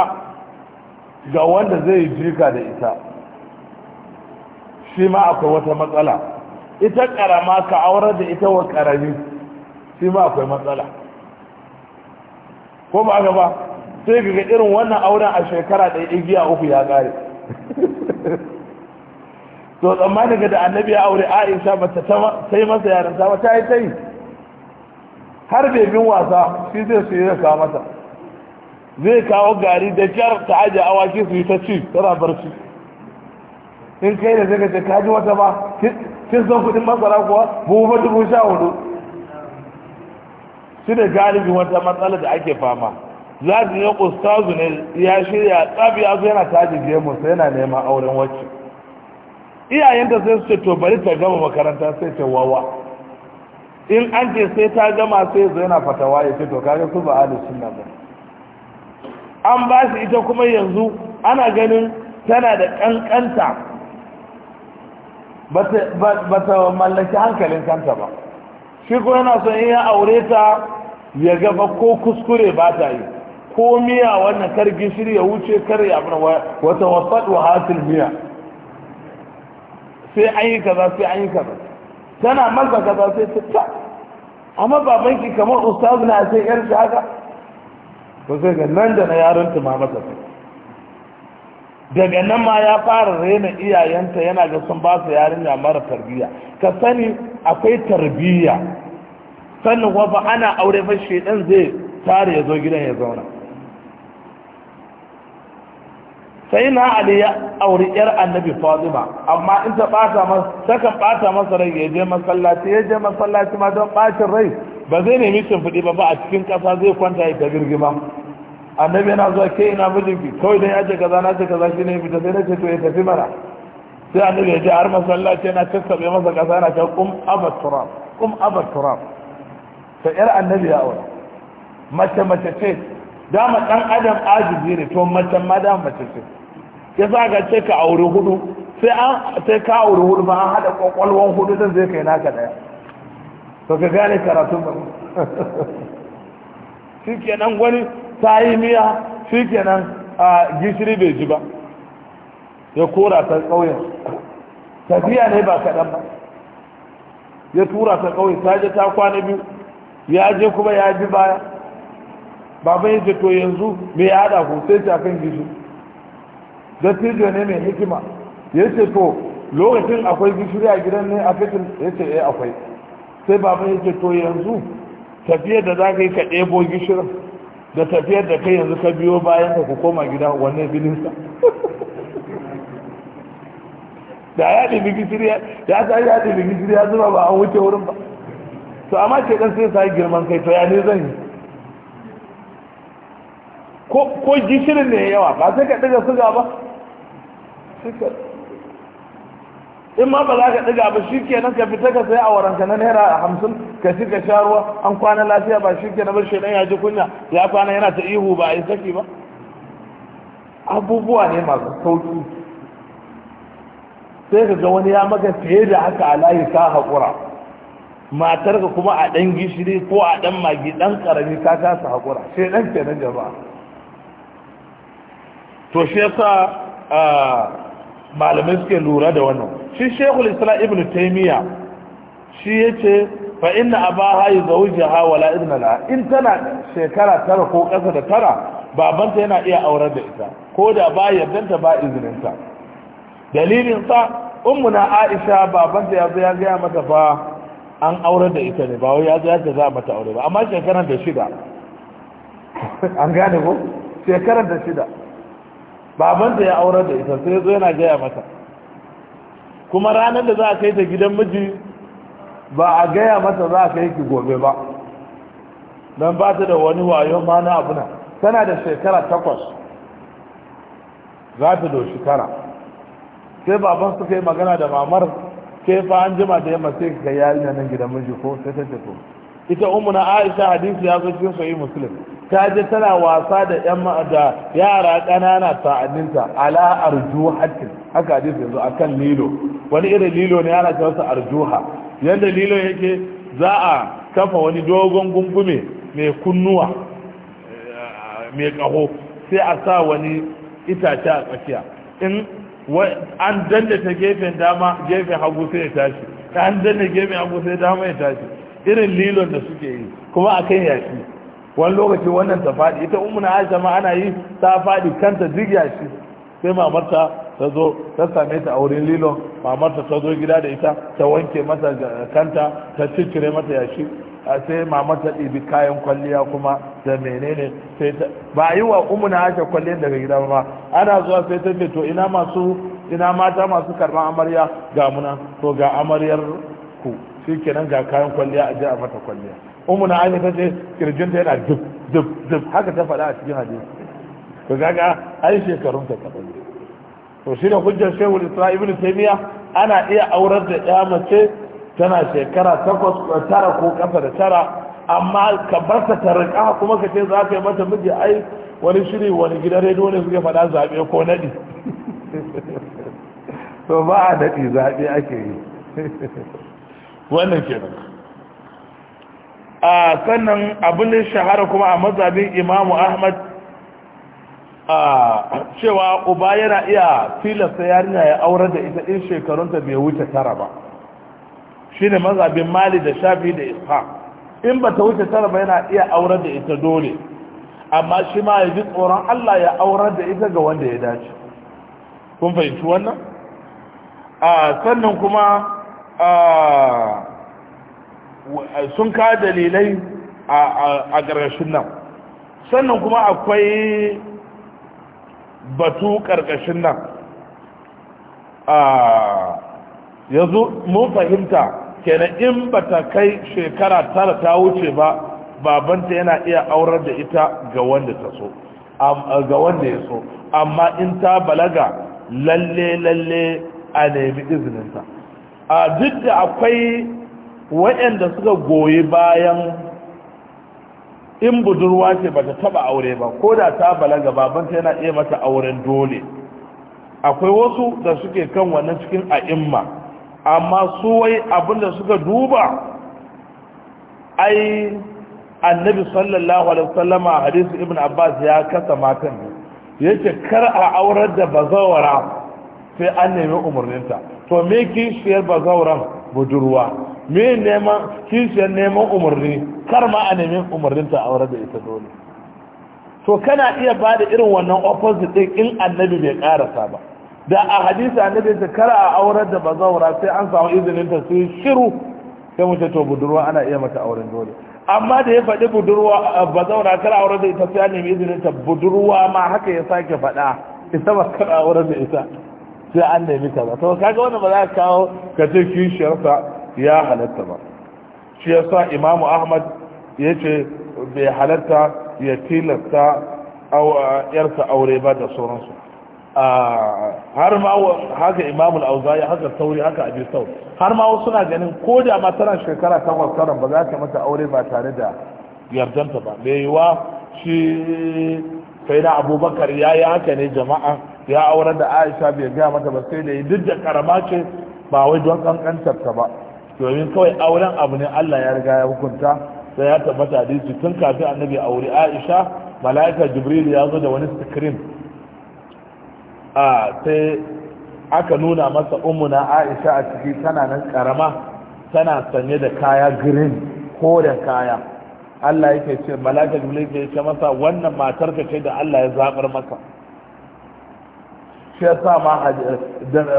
A: ga wanda zai jika da ita shi ma akwai wata matsala ita karama ka aurar da ita wa karami shi ma akwai matsala ko ba ba sai ga irin wannan auren a shekara ɗaya igiya uku ya ƙare to tsammanin ga da annabi ya aure aisha ba ta sai masa yaran ta ba ta yi ta yi har bebin wasa shi zai su yi rasa masa zai kawo gari da kyar ta aje awaki su yi ta ci tana barci in kai da zaka ce ka ji wata ba kin san kudin masara kuwa buhu ba dubu sha hudu shi da galibi wata matsala da ake fama za su yi ustazu ne ya shirya tsabi ya zo yana taji gemu sai yana neman auren wacce iyayenta sai su ce to bari ta gama makaranta sai ta wawa in an ce sai ta gama sai zo yana fatawa ya ce to kaga su ba ahlus nan ba an ba su ita kuma yanzu ana ganin tana da ƙanƙanta ba ta mallaki hankalin kanta ba shi ko yana son in aure ta ya gaba ko kuskure ba ta yi ko miya wannan kar gishiri ya wuce kar ya abin wata wasaɗu hasil miya sai an yi kaza sai an yi kaza tana masa kaza sai ta amma babanki kamar ustaz na sai yar shi haka ko sai ga nan da na yaron tuma masa daga nan ma ya fara rena iyayenta yana ga sun ba su yarinya mara tarbiyya ka sani akwai tarbiyya sannan kuma ana aure fa shedan zai tare ya zo gidan ya zauna sai na ali ya auri yar annabi fatima amma in ta bata masa saka bata masa rai ya je masallaci ya je masallaci ma don bacin rai ba zai nemi fidi ba ba a cikin ƙasa zai kwanta ya ta girgima annabi yana zuwa ke ina mijinki kawai dan yaje ce kaza na ce kaza shine fita sai na ce to ya tafi mana sai annabi ya je har masallaci yana kakkaɓe masa ƙasa yana ta kum abat turab kum abat turab ta yar annabi ya aure mace mace ce dama dan adam ajizi ne to mace ma da mace ce ya sa ga ce ka aure hudu sai an sai ka aure hudu ba an hada kwakwalwan hudu zan zai kai naka daya to ka gane karatun ba shi kenan wani ta yi miya shi kenan a gishiri bai ji ba ya kora ta kauyen tafiya ne ba kaɗan ba ya tura ta ƙauye ta je ta kwana biyu ya je kuma ya ji baya baban ya ce to yanzu me ya hada ku sai ta kan gishi dattijo ne mai hikima ya ce to lokacin akwai gishiri a gidan ne a fitin ya ce ya eh, akwai sai baban ya ce to yanzu tafiyar da za ka yi ka ɗebo gishirin da tafiyar da kai yanzu ka biyo bayan ka ku koma gida wannan bilinsa da ya ɗibi gishiri ya ta ya ɗibi gishiri ya zuba ba an wuce wurin ba to amma ke ɗan sai sa girman kai to ya ne zan yi ko gishirin ne yawa ba sai ka ɗiga suga ba in ma ba za ka ɗiga ba shi kenan ka fita ka sai a waranka na naira hamsin ka ci ka sha ruwa an kwana lafiya ba shi kenan bar shi ya ji kunya ya kwana yana ta ihu ba a yi saki ba abubuwa ne masu sauki sai ka ga wani ya maka fiye da haka a layi ka haƙura matarka kuma a ɗan gishiri ko a ɗan magi ɗan ƙarami ka kasa haƙura sai ɗan kenan jama'a to shi yasa malamai suke lura da wannan shi shekul islam ibn taimiyya shi ya ce fa inna abaha yi zawujaha wala izna in tana shekara tara ko ƙasa da tara babanta yana iya aurar da ita ko da ba yardanta ba izininta dalilin sa ummuna aisha babanta ya zo ya gaya mata fa an aurar da ita ne ba wai ya zo ya za mata aure ba amma shekaran da shida an gane ko shekaran da shida baban da ya aure da ita sai zo yana gaya mata kuma ranar da za a kai ta gidan miji ba a gaya mata za a kai ki gobe ba don ba ta da wani wayo ma na abu tana da shekara takwas za ta doshi tara sai baban suka yi magana da mamar ke fa an jima da yamma sai ka yarinya nan gidan miji ko sai ta ce to ita na aisha hadisi ya zo cikin sahih muslim ta je tana wasa da yan da yara ƙanana sa'adinta ala arjuha haka hadisi yanzu akan lilo wani irin lilo ne ana cewa arjuha yanda lilo yake za a kafa wani dogon gungume mai kunnuwa mai kaho sai a sa wani itace a tsakiya in an danne ta gefen dama gefen hagu sai ya tashi an danne gefen hagu sai dama ya tashi irin lilon da suke yi kuma akan yashi wani lokaci wannan ta faɗi ita umuna aisha ma ana yi ta faɗi kanta jigya shi sai mamarta ta zo ta same ta a wurin lilo mamarta ta zo gida da ita ta wanke mata kanta ta cikire mata yashi sai mamarta ɗibi kayan kwalliya kuma da menene sai ta ba yi wa umuna aisha kwalliyan daga gida ba ana zuwa sai ta ce to ina masu ina mata masu karɓar amarya ga muna to ga amaryar ku shikenan ga kayan kwalliya a je a mata kwalliya umu na aini ta ce kirjinta yana duk duk duk haka ta faɗa a cikin hadisi to kaga ai shekarun ta kaɗan to shi da hujjar shehu isra ibn taymiya ana iya aurar da ɗaya mace tana shekara takwas tara ko kasa da tara amma ka bar ta tarika kuma ka ce za ka yi mata miji ai wani shiri wani gidan rediyo ne suke faɗa zaɓe ko naɗi to ba a naɗi zaɓe ake yi wannan kenan a sannan abin da shahara kuma a mazabin imamu ahmad a cewa uba yana iya tilasta yarinya ya aure da ita in shekarunta bai wuce tara ba shi ne mazabin mali da shafi da isha in ba ta wuce tara ba yana iya aure da ita dole amma shi ma ya ji tsoron allah ya aure da ita ga wanda ya dace kun fahimci wannan a sannan kuma a sun ka dalilai a ƙarƙashin nan sannan kuma akwai batu ƙarƙashin nan yanzu mun fahimta kenan in bata kai shekara tara ta wuce ba babanta yana iya aurar da ita ga wanda ta so ga wanda ya so amma in ta balaga lalle lalle a nemi izininta a duk da akwai waɗanda suka goyi bayan in budurwa ce ba ta taɓa aure ba ko da ta balaga ta yana iya mata auren dole akwai wasu da suke kan wannan cikin a'imma amma su wai abinda suka duba ai annabi sallallahu alaihi wasallama hadisi ibn abbas ya kasa matan ne. yake kar a aurar da bazawara sai an nemi umarninta to me kishiyar bazawaran budurwa me neman kishiyar neman umarni kar ma a nemi umarninta a wurin da ita dole to kana iya ba da irin wannan opposite din in annabi bai karasa ba da a hadisi annabi ta kara a auren da bazawura sai an samu izinin ta su shiru sai mu ce to budurwa ana iya mata auren dole amma da ya faɗi budurwa kar kara auren da ita sai an nemi izinin ta budurwa ma haka ya sake faɗa ita ba kara auren da ita sai an nemi kaza to kaga wannan ba za ka kawo ka ce kishiyarsa ya halatta ba shi yasa imamu ahmad ya ce bai halatta ya tilasta yarsa aure ba da sauransu har ma haka imamu al'auzayi haka sauri haka abi sau har ma wasu na ganin ko da ma tana shekara ta wasaran ba za ta mata aure ba tare da yardanta ba mai yiwa shi sai na abubakar ya yi haka ne jama'a ya aurar da aisha bai gaya mata ba sai da yi duk da karama ce ba wai don kankantar ta ba domin kawai auren abu ne Allah ya riga ya hukunta sai ya tabbata hadisi tun kafin annabi aure Aisha mala'ika Jibril ya zo da wani screen a sai aka nuna masa ummuna Aisha a ciki tana nan karama tana sanye da kaya green koren kaya Allah yake ce mala'ika Jibril ya ce masa wannan matar ka ce da Allah ya zabar maka shi yasa ma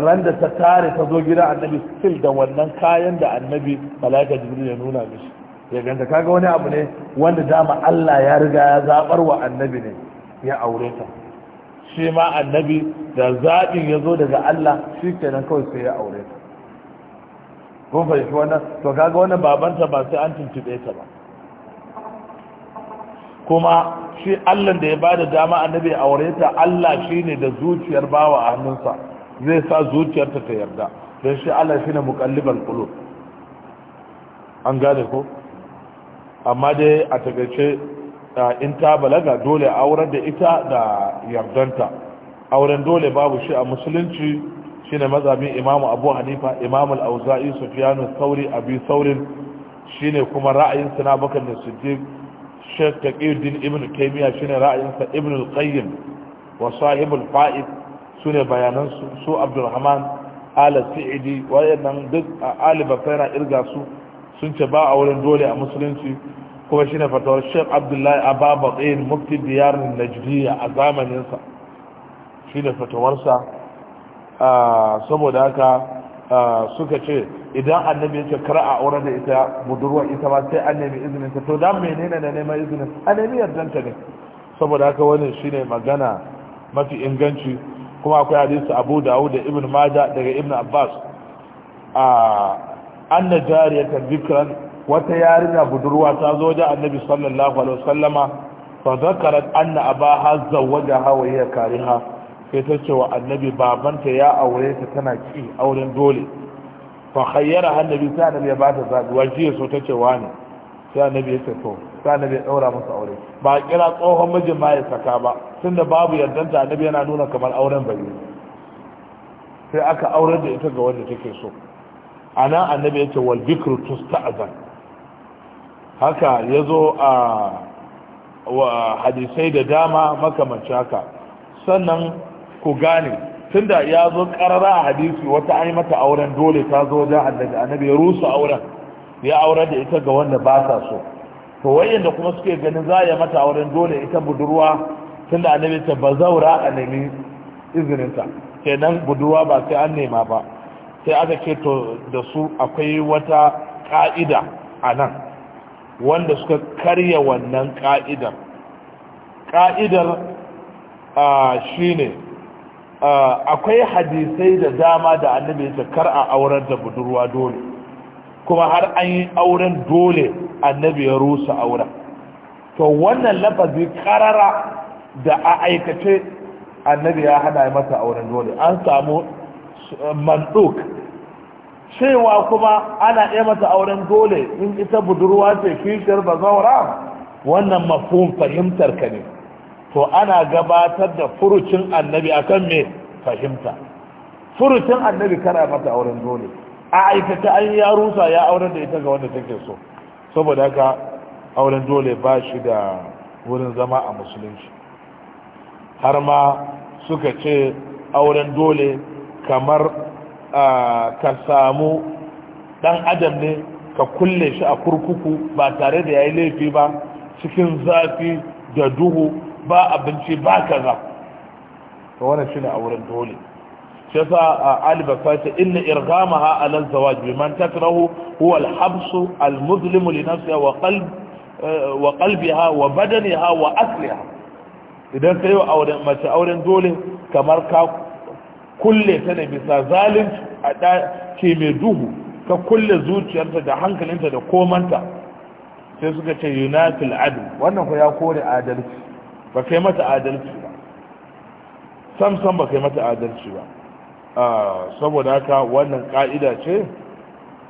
A: ran da ta tare ta zo gidan annabi still da wannan kayan da annabi malaika jibril ya nuna mishi ya ganta kaga wani abu ne wanda dama Allah ya riga ya zabar wa annabi ne ya aure ta shi ma annabi da zabin ya zo daga Allah shi kenan kawai sai ya aure ta kun fahimci wannan to kaga wannan babanta ba sai an tuntube ta ba kuma shi Allah da ya bada dama annabi a aure ta Allah ne da zuciyar bawa a hannunsa zai sa zuciyarta ta yarda don shi Allah shi ne muqallibal qulub an gane ko amma dai a takaice in ta balaga dole auren da ita da yardanta auren dole babu shi a musulunci shi ne mazamin imamu abu hanifa imamu al-auza'i sauri abi saurin shine kuma ra'ayin sana bakar da siddiq shek taqiyuddin ibn taymiya shine ra'ayinsa ibn al-qayyim wa sahibul fa'id sune bayanan su su abdurrahman al-sa'idi wayannan duk aliba fara irga su sun ce ba a wurin dole a musulunci kuma shine fatawar shek abdullahi ababaqin mufti diyar najdiya a zamaninsa shine fatawarsa ah, saboda haka suka ce idan annabi ya ce kar a aure da ita budurwa ita ma sai an nemi izinin ta to dan menene na neman izinin an nemi yardanta ne saboda haka wannan shine magana mafi inganci kuma akwai hadisi Abu Dawud da Ibn Majah daga Ibn Abbas a anna jariyatan dhikran wata yarinya budurwa ta zo da annabi sallallahu alaihi wasallama fa zakarat anna abaha zawwajaha wa hiya kariha sai ta ce wa annabi babanta ya aure ta tana ki auren dole fa khayyara annabi sai annabi ya bata zabi wa ji so ta ce ne, sai annabi ya ce to sai annabi ya daura masa aure ba kira tsohon mijin ma ya saka ba tunda babu yaddanta annabi yana nuna kamar auren bai sai aka aure da ita ga wanda take so ana annabi ya ce wal bikru tusta'zan haka yazo a hadisai da dama makamanci haka sannan ku gane tunda ya zo karara a hadisi wata ai mata auren dole ta zo da annabi annabi ya auren ya aure da ita ga wanda ba ta so to wayanda kuma suke ganin za ya mata auren dole ita budurwa tunda annabi ta bazaura a nemi izininta kenan budurwa ba sai an nema ba sai aka ce to da su akwai wata ka'ida a nan wanda suka karya wannan ka'idar ka'idar shine akwai hadisai da dama da annabi ya kar a auren da budurwa dole kuma har an yi auren dole annabi ya rusa auren to wannan lafazi karara da a aikace annabi ya hana masa auren dole an samu manduk cewa kuma ana iya mata auren dole in ita budurwa ce kishiyar zaura? wannan mafhum fahimtar ka ne to ana gabatar da furucin annabi akan mai fahimta furucin annabi kana mata auren dole a aikata an ya rusa ya auren da ita ga wanda take so saboda haka auren dole ba shi da wurin zama a musulunci har ma suka ce auren dole kamar ka samu dan adam ne ka kulle shi a kurkuku ba tare da ya yi laifi ba cikin zafi da duhu ba abinci ba kaza to wannan shine auren dole shi yasa Ali Bakar ta inna irghamaha ala zawaj biman takrahu huwa al-habs al-muzlim li nafsiha wa qalb eh, wa qalbiha wa badaniha wa asliha idan kai auren mace auren dole kamar ka kulle ta ne bisa zalunci a ce mai duhu ka kulle zuciyarta da hankalinta da komanta sai suka ce yunatil adl wannan ko ya kore adalci ba kai mata adalci ba sam sam ba kai mata adalci ba ah, saboda haka wannan ka'ida ce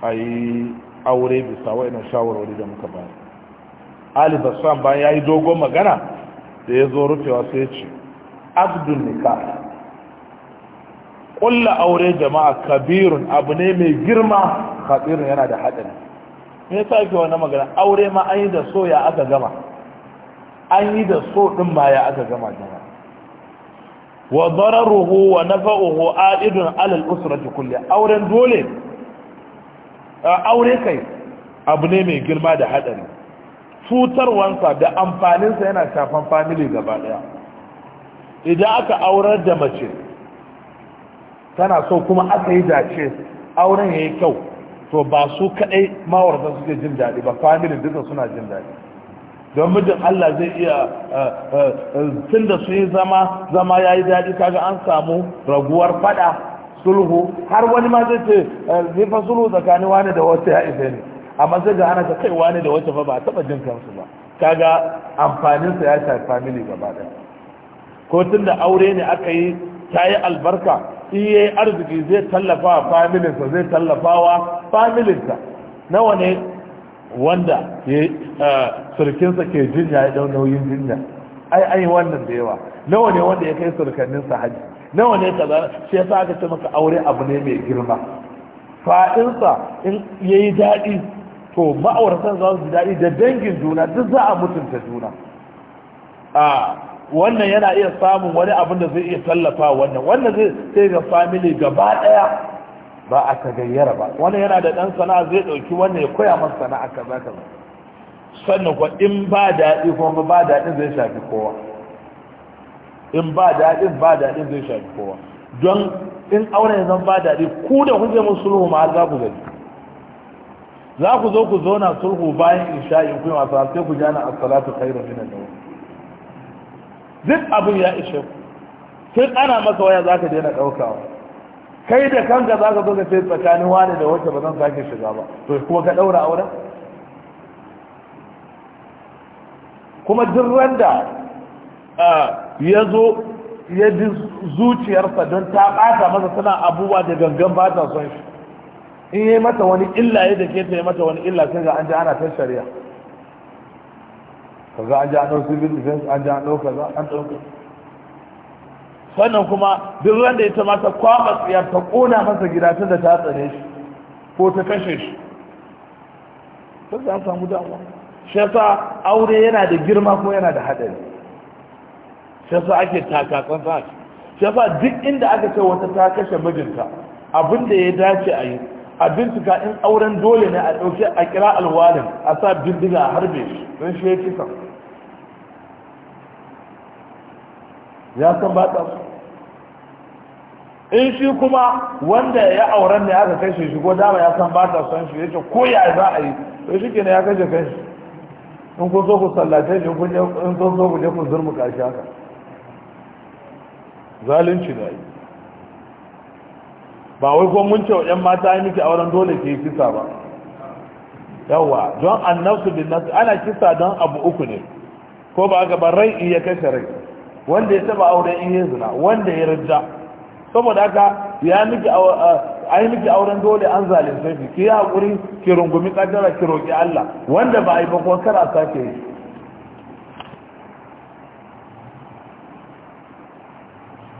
A: a yi aure bisa wa'inan shawarwari da muka bayar ali basan bayan ya yi dogon magana da ya zo rufewa sai ya ce abdul nikah ƙulla aure jama'a kabirun abu ne mai girma kabirun yana da haɗari me yasa ake wannan magana aure ma an yi da soya aka gama an yi da so ɗin maya aka gama jama wa dararuhu wa nafa'uhu a'idun alal usrati kulli auren dole a aure kai abu ne mai girma da haɗari hadari cutarwansa da amfaninsa yana shafan famili gaba ɗaya idan aka aurar da mace tana so kuma aka yi dace auren ya yi kyau to ba su kadai mawarta suke jin daɗi ba family duka suna jin daɗi don mijin Allah zai iya eh, eh, eh, tun da su yi zama zama ya yi daɗi kaga an samu raguwar fada sulhu har wani ma zai ce zifa sulhu tsakanin wani da wata ya ife ne amma zai ga ana ta kai wani da wata fa ba taɓa jin kansu ba kaga amfaninsa ya shafi family gaba ɗaya ko tun da aure ne aka yi ta yi albarka iya arziki zai tallafa wa familinsa zai tallafa wa familinsa nawa ne wanda surkinsa ke eh, jinya ya dau nauyin jinya ai ai wannan da yawa nawa ne wanda ya kai sa haji nawa ne kaza shi yasa aka ce maka aure abu ne mai girma fa'insa in yayi daɗi to ma'auratan za su ji daɗi da dangin juna duk za a mutunta juna a wannan yana iya samun wani abin da zai iya tallafa wannan wannan zai sai ga family gaba ɗaya ba a gayyara ba wani yana da ɗan sana'a zai ɗauki wannan ya koya masa sana'a kaza kaza sannan kuwa in ba daɗi kuma ba daɗin zai shafi kowa in ba daɗin ba daɗin zai shafi kowa don in auren zan ba daɗi ku da kuke mun sulhu ma za ku gani za ku zo ku zauna sulhu bayan isha'in ku yi wasa sai ku jana as-salatu khairu min an-nawm duk abin ya ishe ku sai ana masa waya zaka daina ɗaukawa kai da kanka za ka zo ka ce tsakanin wani da wacce ba zan sake shiga ba to kuma ka ɗaura auren kuma duk randa ya zo ya ji zuciyarsa don ta ɓata masa suna abubuwa da gangan ba ta son shi in yi mata wani illa ya da ke ta yi mata wani illa sai ga an ji ana ta shari'a kaza an ji an ɗau civil defense an ji an ɗau an ɗau sannan kuma duk wanda ya ta kwaba tsiyar ta kona masa gida tun da ta tsare shi ko ta kashe shi sai an samu damuwa shi yasa aure yana da girma ko yana da hadari shi yasa ake takakon sa shi yasa duk inda aka ce wata ta kashe mijinta abin da ya dace a yi a bincika in auren dole ne a ɗauke a kira alwalin a sa bindiga a harbe shi don shi ya kisa ya san ba ta su in shi kuma wanda ya auren ne aka kai shi ko dama ya san ba ta son shi yace ko ya za a yi to shi kenan ya kashe kai shi in kun so ku sallace shi in kun so ku je ku zurmu kashi haka zalunci ne yi ba wai ko mun ce yan mata yi miki auren dole ke kisa ba yawa don annabtu bin nafsi ana kisa don abu uku ne ko ba ga ba rai ya kashe rai wanda ya taba auren in ya zina wanda ya rajja saboda haka ya miki yi miki auren dole an zalunce ki ki hakuri ki rungumi kaddara ki roki Allah wanda ba ai ba kar a sake yi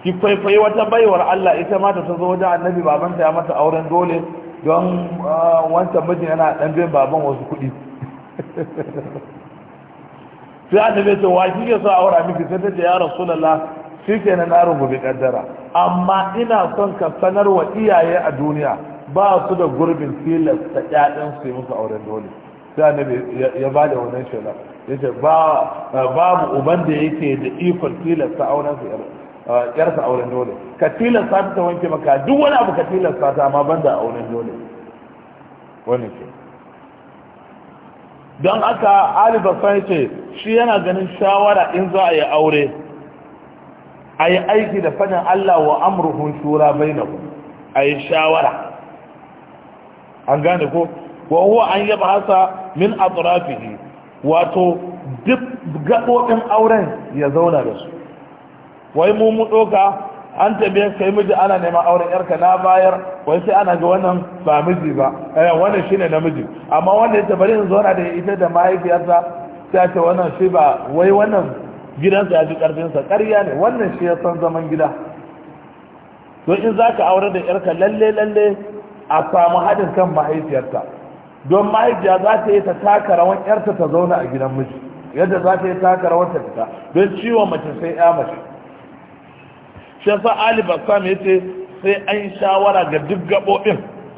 A: ki faifai wata baiwar Allah ita ma ta zo da annabi babanta ya mata auren dole don wancan mijin yana dan bin baban wasu kuɗi sai annabi ya ce wa ke so aura miki sai ta ce ya rasulullah shi na na rububi kaddara amma ina son ka sanar wa iyaye a duniya ba su da gurbin tilasta ƴaƴan su yi musu auren dole sai annabi ya ba da wannan shela yace ba babu uban da yake da ikon tilasta auren su eh, sa auren dole ka tilasta ta wanke maka duk wani abu ka tilasta ta amma banda auren dole wannan ke don aka ali basan ce shi yana ganin shawara in za a yi aure a yi aiki da fadin Allah wa amurhun shura bai na ku a yi shawara an gane ko wa huwa an yaba hasa min atrafihi wato duk gaɓoɓin auren ya zauna da su wai mu mu ɗoka an tabe kai miji ana neman auren yarka na bayar wai sai ana ga wannan ba miji ba eh wannan shine namiji amma wanda ya bari in zauna da ita da mahaifiyarsa sai ta wannan shi ba wai wannan gidansa ya fi ƙarfinsa, ƙarya ne wannan shi ya san zaman gida don in za ka aure da yarka lalle lalle a samu haɗin kan mahaifiyarta don mahaifiya za ta yi ta taka rawan yarta ta zauna a gidan miji yadda za ta yi taka rawar ta fita don ciwon mace sai ya mace shi yasa ali bassam ya ce sai an shawara ga duk gaɓoɓin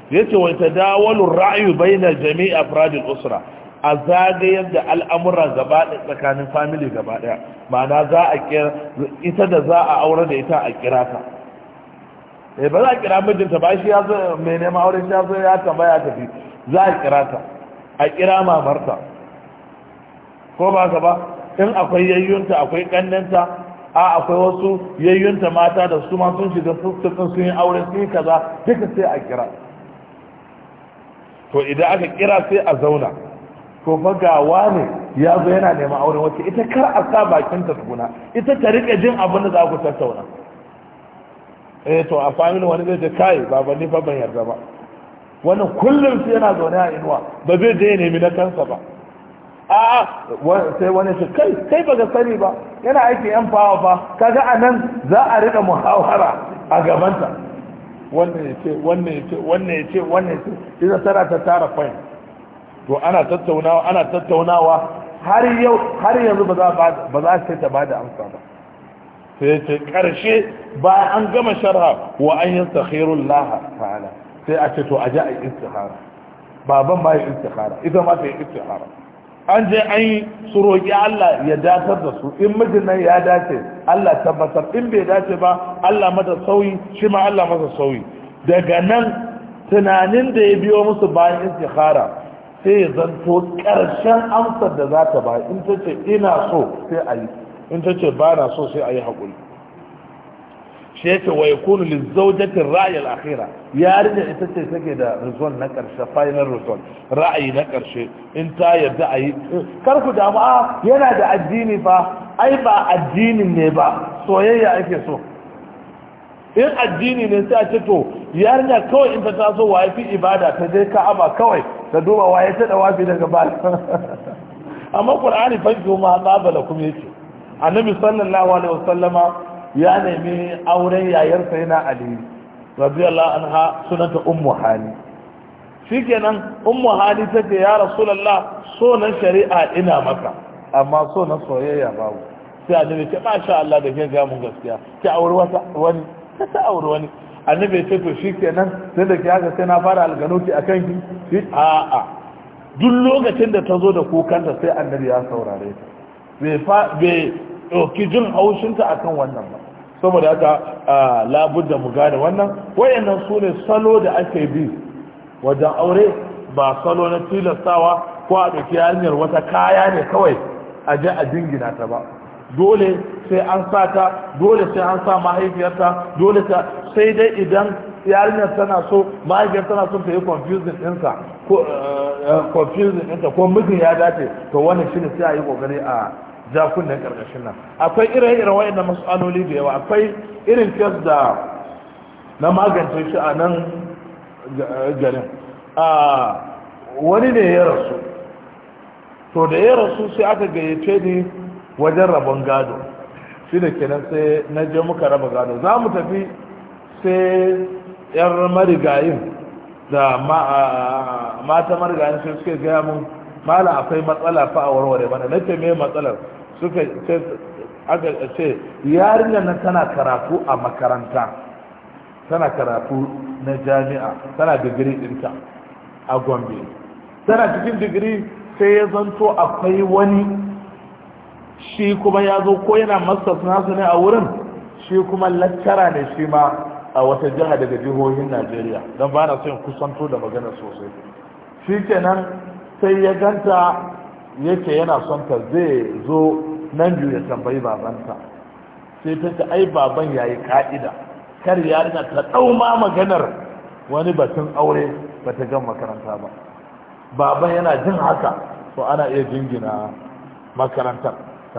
A: ya ce wai ta dawalun ra'ayu bai na jami'a afradil usra a zagayar da al'amura gaba da tsakanin family gaba daya ma'ana za a kira ita da za a aure da ita a kira ta eh ba za a kira mijinta ba shi ya zo mai neman aure shi ya zo ya tambaya tafi za a kira ta a kira mamarta ko ba ka ba in akwai yayyunta akwai kannanta a akwai wasu yayyunta mata da su ma sun shiga sun sun yi aure sun yi kaza duka sai a kira to idan aka kira sai a zauna ko fa ne ya zo yana neman auren wacce ita kar a sa bakin ta tukuna ita ta rike jin abin da za ku tattauna eh to a family wani zai ce kai baba ni fa ban yarda ba wannan kullum sai yana zaune a inuwa ba zai je nemi na kansa ba a sai wani ce kai kai ga sani ba yana aiki yan fawa fa kaga anan za a rika muhawara a gabanta wannan ya ce wannan ya ce wannan ya ce wannan ya ce ita tara ta tara fine to ana tattaunawa ana tattaunawa har yau har yanzu ba za ba za ta ta bada amsa ba sai ce karshe bayan an gama sharha wa an yi yastakhirullaha ta'ala sai a ce to a ji a istihara baban ba ya istihara ita ma ta yi istihara an je an yi su Allah ya datar da su in mijin nan ya dace Allah tabbatar in bai dace ba Allah mata sauyi shi ma Allah masa sauyi daga nan tunanin da ya biyo musu bayan istikhara sai ya zanto ƙarshen amsar da za ta ba in ta ce ina so sai a yi in ta ce ba na so sai a yi haƙuri shi yake wa yakunu li zawjatin ra'yil akhira yarinya ita ce take da result na karshe, final result ra'ayi na karshe in ta yarda a yi kar ku damu a yana da addini fa ai ba addinin ne ba soyayya ake so in addini ne sai a ce to yarinya kawai in ta taso wa fi ibada ta je ka'aba kawai ka duba wa ya tada wafi daga baya amma qur'ani fa ko ma babala kuma yace annabi sallallahu alaihi wasallama ya nemi auren yayar yana ali radiyallahu anha sunanta ummu hali shikenan ummu hali tace ya rasulullah sunan shari'a ina maka amma sunan soyayya babu sai annabi ce masha Allah da ke ga mun gaskiya ki aure wata ta aure wani annabi ce to shi kenan sai da ki haka sai na fara alganuti a kanki. shi a'a duk lokacin da ta zo da kukanta sai annabi ya saurare ta fa bai ɗauki jin haushinta a kan wannan ba saboda haka labudda mu gane wannan wayannan su ne salo da ake bi wajen aure ba salo na tilastawa ko a ɗauki hanyar wata kaya ne kawai a je a jingina ta ba dole sai an sa ta dole sai an sa mahaifiyarta dole sai dai idan yarinyar tana so mahaifiyar tana so ta yi confusion ɗinsa ko eh, eh, ɗinsa ko mijin ya dace to wani shi ne sai a yi kokari a jakunan ƙarƙashin karkashin nan akwai irin irin waɗannan mas'aloli da yawa akwai irin kes da na magance shi a nan eh, garin wani ne ya rasu to da ya rasu sai aka gayyace ni wajen rabon gado shi da kenan sai na je muka raba gado za mu tafi sai yar marigayin da mata marigayin sai suke gaya mun mala akwai matsala fa a warware mana na ce me matsalar suka ce aka ce yarinyar nan tana karatu a makaranta tana karatu na jami'a tana digiri ɗinta a gombe tana cikin digiri sai ya zanto akwai wani shi kuma ya zo ko yana masters nasu ne a wurin shi kuma lattara ne shi ma a wata jiha daga jihohin najeriya don ba na son kusanto da magana sosai shi kenan sai ya ganta yake yana son ta zai zo nan biyu ya tambayi babanta sai ta ce ai baban ya yi ka'ida kar ya rina ta ɗauma ma maganar wani batun aure ba ta gan makaranta ba baban yana jin haka to ana iya jingina makarantar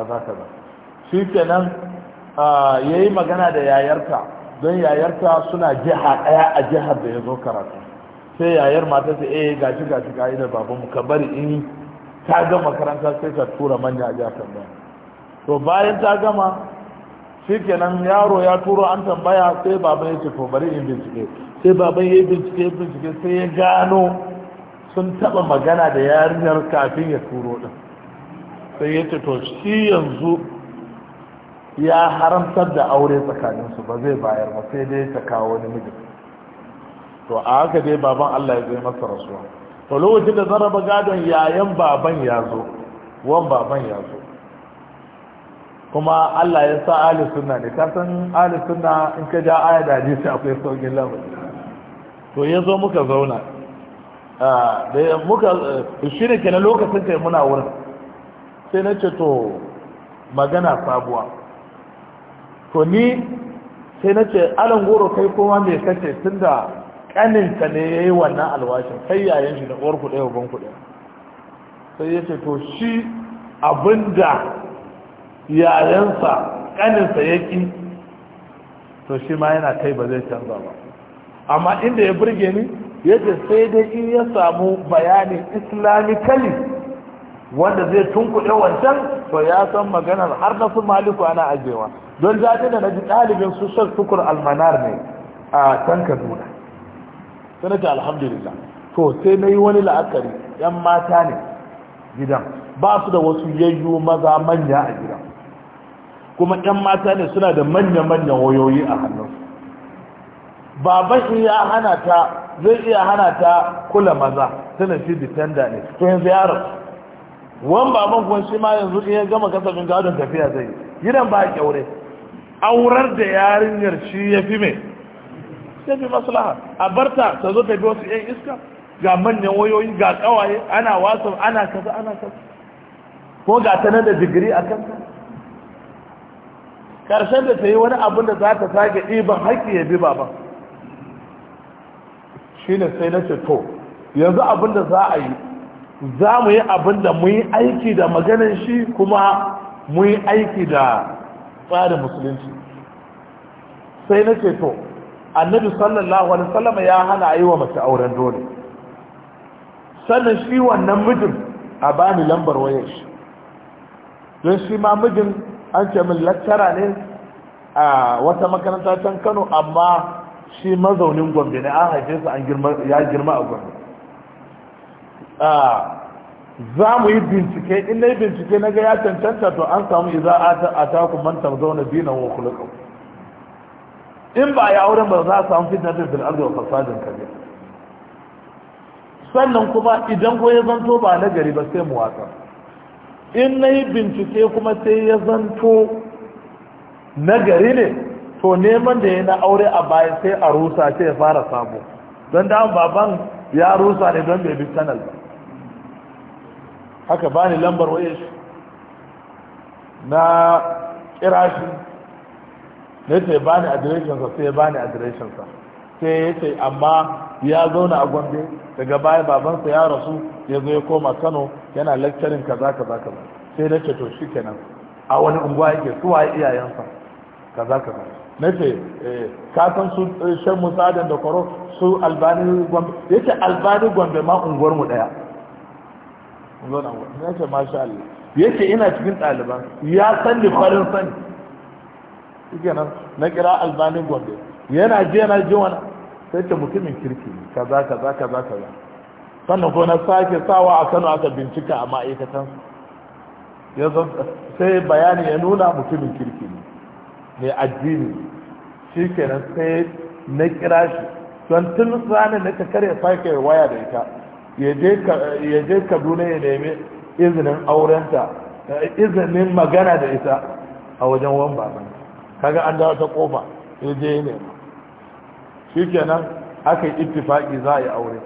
A: kaza kaza shi kenan ya yi magana da yayarta don yayarta suna jiha ɗaya a jihar da ya zo karatu sai yayar mata ta eh gashi gaji ga da babanmu ka bari in ta ga makaranta sai ka tura manya a jihar tambaya to bayan ta gama shi kenan yaro ya turo an tambaya sai baban ya ce to bari in bincike sai baban ya bincike bincike sai ya gano sun taɓa magana da yarinyar kafin ya turo din sai ya ce to shi yanzu ya haramtar da aure tsakaninsu ba zai bayar ba sai dai ta kawo wani mijin to a haka dai baban Allah ya zai masa rasuwa to lokacin da zaraba gadon yayan baban ya zo wan baban ya zo kuma Allah ya sa ahli sunna ne ka san ahli sunna in ka ja aya da sai akwai saukin lamari to ya zo muka zauna ah, da muka shi ne kenan lokacin kai muna wurin sai na ce to magana sabuwa to ni sai na ce alan goro kai kuma mai kace tun da kaninka ne ya yi wannan alwashin kai yayin shi da uwar kuɗe uban kuɗe sai ya ce to shi abinda yayansa ƙaninsa ya ƙi to shi ma yana kai ba zai canza ba amma inda ya burge ni ya ce sai dai in ya samu bayanin islamikali. wanda zai tunkuɗe wancan to ya san maganar har na su maliku ana ajewa don zaɗi da na ji ɗalibin su shan tukur almanar ne a can kaduna sai ce alhamdulillah to sai na yi wani la'akari yan mata ne gidan ba su da wasu yayyu maza manya a gidan kuma yan mata ne suna da manya-manyan wayoyi a hannunsu baban iya hana ta zai iya hana ta kula maza tana shi bitanda ne to yanzu wan baban kuma shi ma yanzu in ya gama kasafin gadon tafiya zai gidan ba kyaure aurar da yarinyar shi ya fi mai ya fi maslaha a barta ta zo ta bi wasu yan iska ga manyan wayoyi ga kawaye ana wasu ana kaza ana kaza ko ga ta nan da digiri a kanta karshen da ta yi wani abin da za ta sake ɗiban haƙƙi ya bi baban shi ne sai na ce to yanzu abin da za a yi za mu yi abin da mu yi aiki da maganin shi kuma mu yi aiki da tsarin musulunci sai na ce annabi sallallahu alaihi wasallam ya hana yi wa mace auren dole sannan shi wannan mijin a bani lambar wayar shi don shi ma mijin an ce min lattara ne a wata makaranta can kano amma shi mazaunin gombe ne an haife su ya girma a gombe za mu yi bincike in na yi bincike na ga ya cancanta to an samu iza a ta kuma zaune dina wa kulakau in ba ya auren ba za a samu fitna da bil ardi fasadin sannan kuma idan ko ya zanto ba na gari ba sai mu wasa in na yi bincike kuma sai ya zanto na gari ne to neman da ya na aure a baya sai a rusa sai ya fara sabo don da baban ya rusa ne don bai bi canal ba haka bani lambar waye shi na kirashi na ce bani adireshinsa sai ya bani adireshinsa sai ya ce amma ya zauna a gombe daga baya babansa ya rasu ya zo ya koma kano yana lecturing kaza kaza kaza sai na ce to shi kenan a wani unguwa yake suwa iyayensa kaza kaza na ce eh, ka san su eh, shan musadan da kwaro su albani gombe ya ce albani gombe ma unguwar mu daya zo na wani ya ce masha Allah yake ina cikin ɗaliban ya san da farin sani yake nan na kira albanin gombe yana je na ji wani sai ce mutumin kirki ne kaza kaza kaza kaza sannan ko na sake sawa a kano aka bincika a ma'aikatan sai bayani ya nuna mutumin kirki ne mai addini shi kenan sai na kira shi don tun ranar na ka karya sake waya da ita ya je kaduna ya nemi izinin aurenta izinin magana da isa a wajen wan baban kaga an dawo ta kofa ya je ya nema shikenan aka yi ittifaki za a yi aure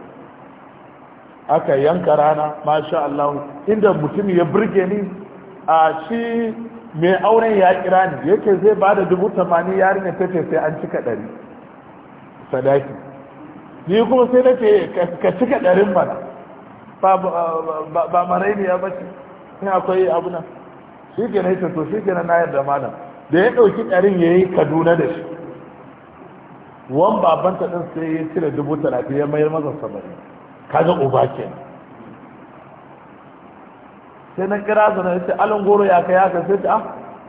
A: aka yanka rana masha Allah inda mutum ya burge ni a shi mai auren ya kira ni yake zai ba da dubu tamanin yarinya ta ce sai an cika ɗari sadaki ni kuma sai na ce ka cika ɗarin mana ba marainiya ba ce in akwai abu nan shi ke na to shi ke na nayar da malam da ya ɗauki ɗarin ya yi kaduna da shi wan babanta ɗin sai ya cire dubu talatin ya mayar masa saba'in kaga uba ke sai na kira zana ya ce alin goro ya kai haka sai ta ah,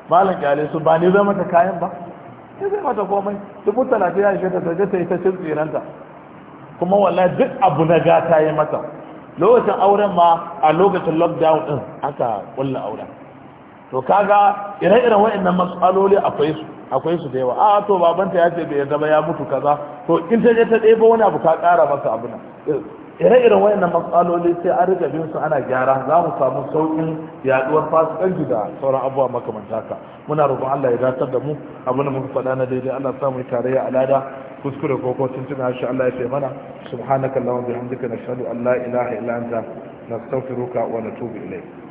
A: malam kyale su ba ni zai mata kayan ba ya zai mata komai dubu talatin ya shi ta ta je ta yi ta cin tsiranta kuma wallahi duk abu na gata ya mata lokacin auren ma a lokacin lockdown din aka kulla auren to kaga ire-iren waɗannan matsaloli akwai su akwai su da yawa a to babanta ya ce bai yarda ba ya mutu kaza to in ta je ta ɗebo wani abu ka ƙara masa abu na ire-iren waɗannan matsaloli sai an riga bin su ana gyara za mu samu sauƙin yaduwar fasikanci da sauran abubuwa makamanta ka muna roƙon Allah ya datar da mu abin da muka faɗa na daidai Allah samu tarayya alada kuskure ko ko cin tuna shi Allah ya ce mana subhanaka allahumma bihamdika nashhadu an la ilaha illa anta nastaghfiruka wa natubu ilayk